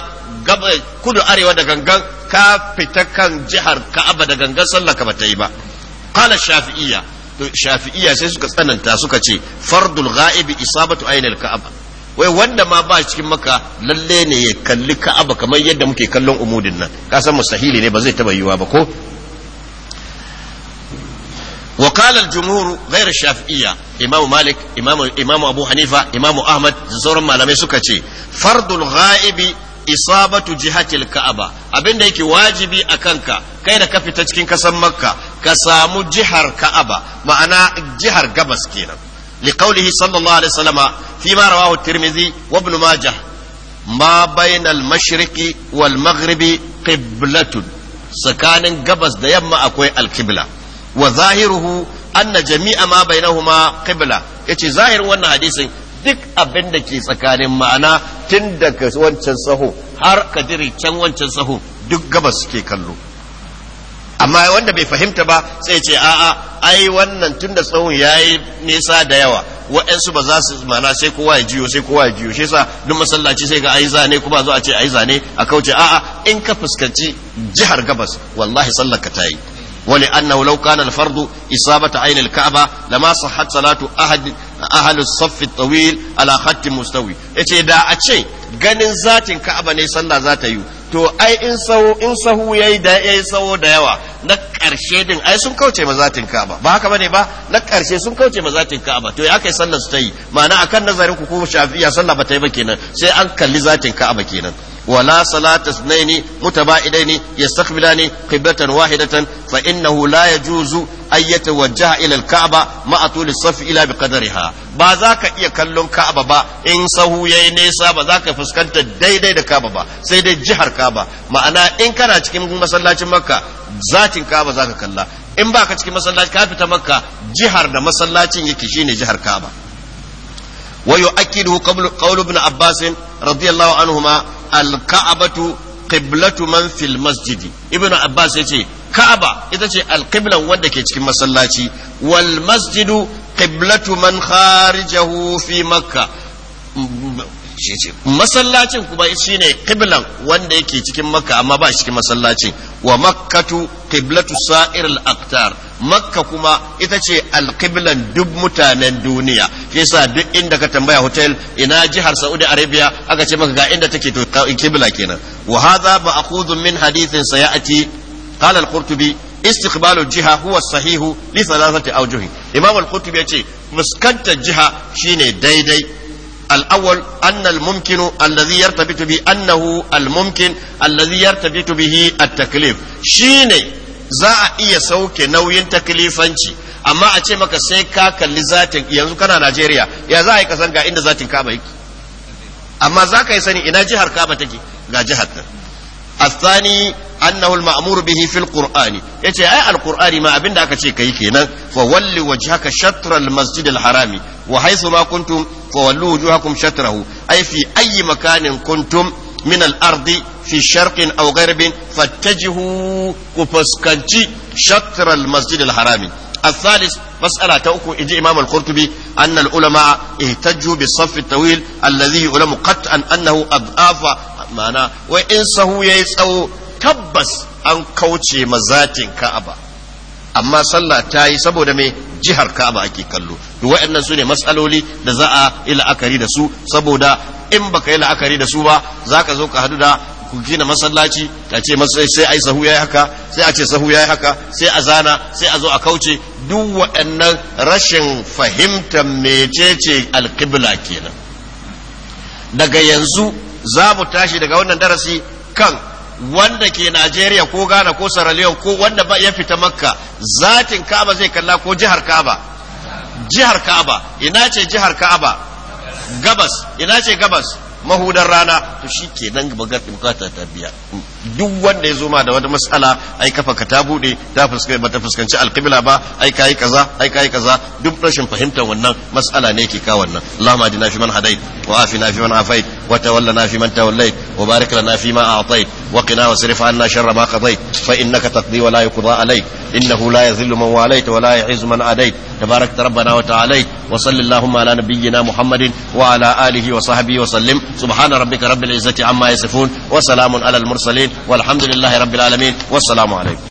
kudu arewa da gangan ka fita kan jihar ka'aba da gangan sallar ka bata yi ba qala shafi'iyya to shafi'iyya sai suka tsananta suka ce fardul ghaibi isabatu ainil ka'aba wai wanda ma ba cikin maka lalle ne ya kalli ka'aba kamar yadda muke kallon umudin nan ka san mustahili ne ba zai taba yiwa ba ko wa qala al shafi'iyya imamu malik imamu abu hanifa imamu ahmad da sauran malamai suka ce fardul ghaibi isabatu jihatil ka'aba abinda yake wajibi a kanka kai da ka fita cikin kasan makka ka samu jihar ka'aba ma'ana jihar gabas kenan liqaulihi sallallahu alaihi wasallama fi ma rawahu tirmidhi wa ibn majah tsakanin gabas da yamma akwai alkibla wa zahiruhu anna jami'a ma bainahuma qibla yace zahirin wannan hadisin duk abin da ke tsakanin ma'ana tun daga wancan saho har kadiri can wancan saho duk gabas ke kallo amma wanda bai fahimta ba sai ce a'a ai wannan tun da tsawon yayi nisa da yawa waɗansu ba za su mana sai kowa ya jiyo sai kowa ya jiyo shi yasa duk masallaci sai ga ayi zane kuma zo a ce ayi zane a kauce a'a in ka fuskanci jihar gabas wallahi sallar ka ta yi ولأنه لو كان الفرض إصابة عين الكعبة لما صحت صلاة أحد أهل الصف الطويل على خط مستوي دا أتشي ganin zatin ka'aba ne sallah za ta yi to ai in sahu in sahu da yawa na karshe din ai sun kauce ma zatin ka'aba ba haka bane ba na karshe sun kauce ma zatin ka'aba to ya kai sallar su ta yi ma'ana akan nazarin ku sallah ba ta yi ba kenan sai an kalli zatin ka'aba kenan Wala ni ولا صلاة اثنين متباعدين يستقبلان قبلة واحدة فإنه hula ya juzu يتوجه إلى الكعبة مع طول الصف إلا بقدرها ba za ka iya kallon Ka'aba ba in sahu yayi nesa ba za ka fuskanta daidai da Ka'aba ba sai dai jihar Ka'aba ma'ana in kana cikin masallacin Makka zatin Ka'aba za ka kalla in baka cikin masallaci ka fita Makka jihar da masallacin yake shine jihar Ka'aba wa yu'akkidu qawlu ibn Abbas radiyallahu anhuma alka'abatu qiblatu man fil masjidi ibnu abbas yace ka'aba ita ce alqiblan wanda ke cikin masallaci wal masjidu qiblatu man kharijahu fi makka shi ce masallacin kuma shine qiblan wanda yake cikin makka amma ba cikin masallacin wa makkatu qiblatu sa'ir al-aqtar makka kuma ita ce alkiblan duk mutanen duniya yasa duk inda ka tambaya hotel ina jihar saudi arabia aka ce maka ga inda take to qibla kenan wa hadha ma'khudh min hadithin sayati qala al-qurtubi استقبال الجهة هو الصحيح لثلاثة أوجه إمام ya ce fuskantar jiha shine daidai. الأول أن الممكن الذي يرتبط به أنه الممكن الذي يرتبط به التكليف شيني za a iya sauke nauyin taklifanci amma a ce maka sai ka kalli zatin yanzu kana Najeriya ya za a yi kasan ga inda zatin amma za sani ina jihar kaba take ga jihar الثاني أنه المأمور به في القرآن يتي آية القرآن ما أبن داك شيء كينا فول وجهك شطر المسجد الحرام وحيث ما كنتم فولوا وجوهكم شطره أي في أي مكان كنتم من الأرض في شرق أو غرب فاتجهوا كفسكنتي شطر المسجد الحرام الثالث مسألة أكو إجي إمام القرطبي أن العلماء اهتجوا بالصف الطويل الذي يعلم قطعا أنه أضعاف معنى وإن سهو يسأو تبس أن كوتشي مزات كعبة amma sallah ta yi saboda mai jihar ka'aba ake kallo waɗannan su ne matsaloli da za a yi la'akari da su saboda in baka yi la'akari da su ba za ka zo ka hadu da ku gina masallaci a ce sai ai sahu yayi haka sai a ce sahu yayi haka sai a zana sai a zo a kauce duk waɗannan rashin fahimtar mecece alqibla kenan daga yanzu za mu tashi daga wannan darasi kan wanda ke Najeriya ko Ghana ko Sierra Leone ko wanda ba ya fita Makka zatin Kaaba zai kalla ko jihar Kaaba jihar Kaaba ina ce jihar Kaaba gabas ina ce gabas mahudar rana to shi ke nan bukata ta biya duk wanda ya zo ma da wata mas'ala ai kafa ka ta bude ta fuskanci bata fuskanci alqibla ba ai kai kaza ai kai kaza duk rashin fahimtar wannan mas'ala ne yake ka wannan Allahumma adina fi man hadait wa afina fi man afait wa tawallana fi man tawallait wa barik lana fi ma a'tait wa qina wasrif anna sharra ma qadait fa innaka taqdi wa la yuqda alayk innahu la yadhillu man walayta wa la yu'izzu man adait tabarakta rabbana wa ta'alayt wa sallallahu ala nabiyyina muhammadin wa ala alihi wa sahbihi wa sallim subhana rabbika rabbil izzati amma yasifun wa mursalin والحمد لله رب العالمين والسلام عليكم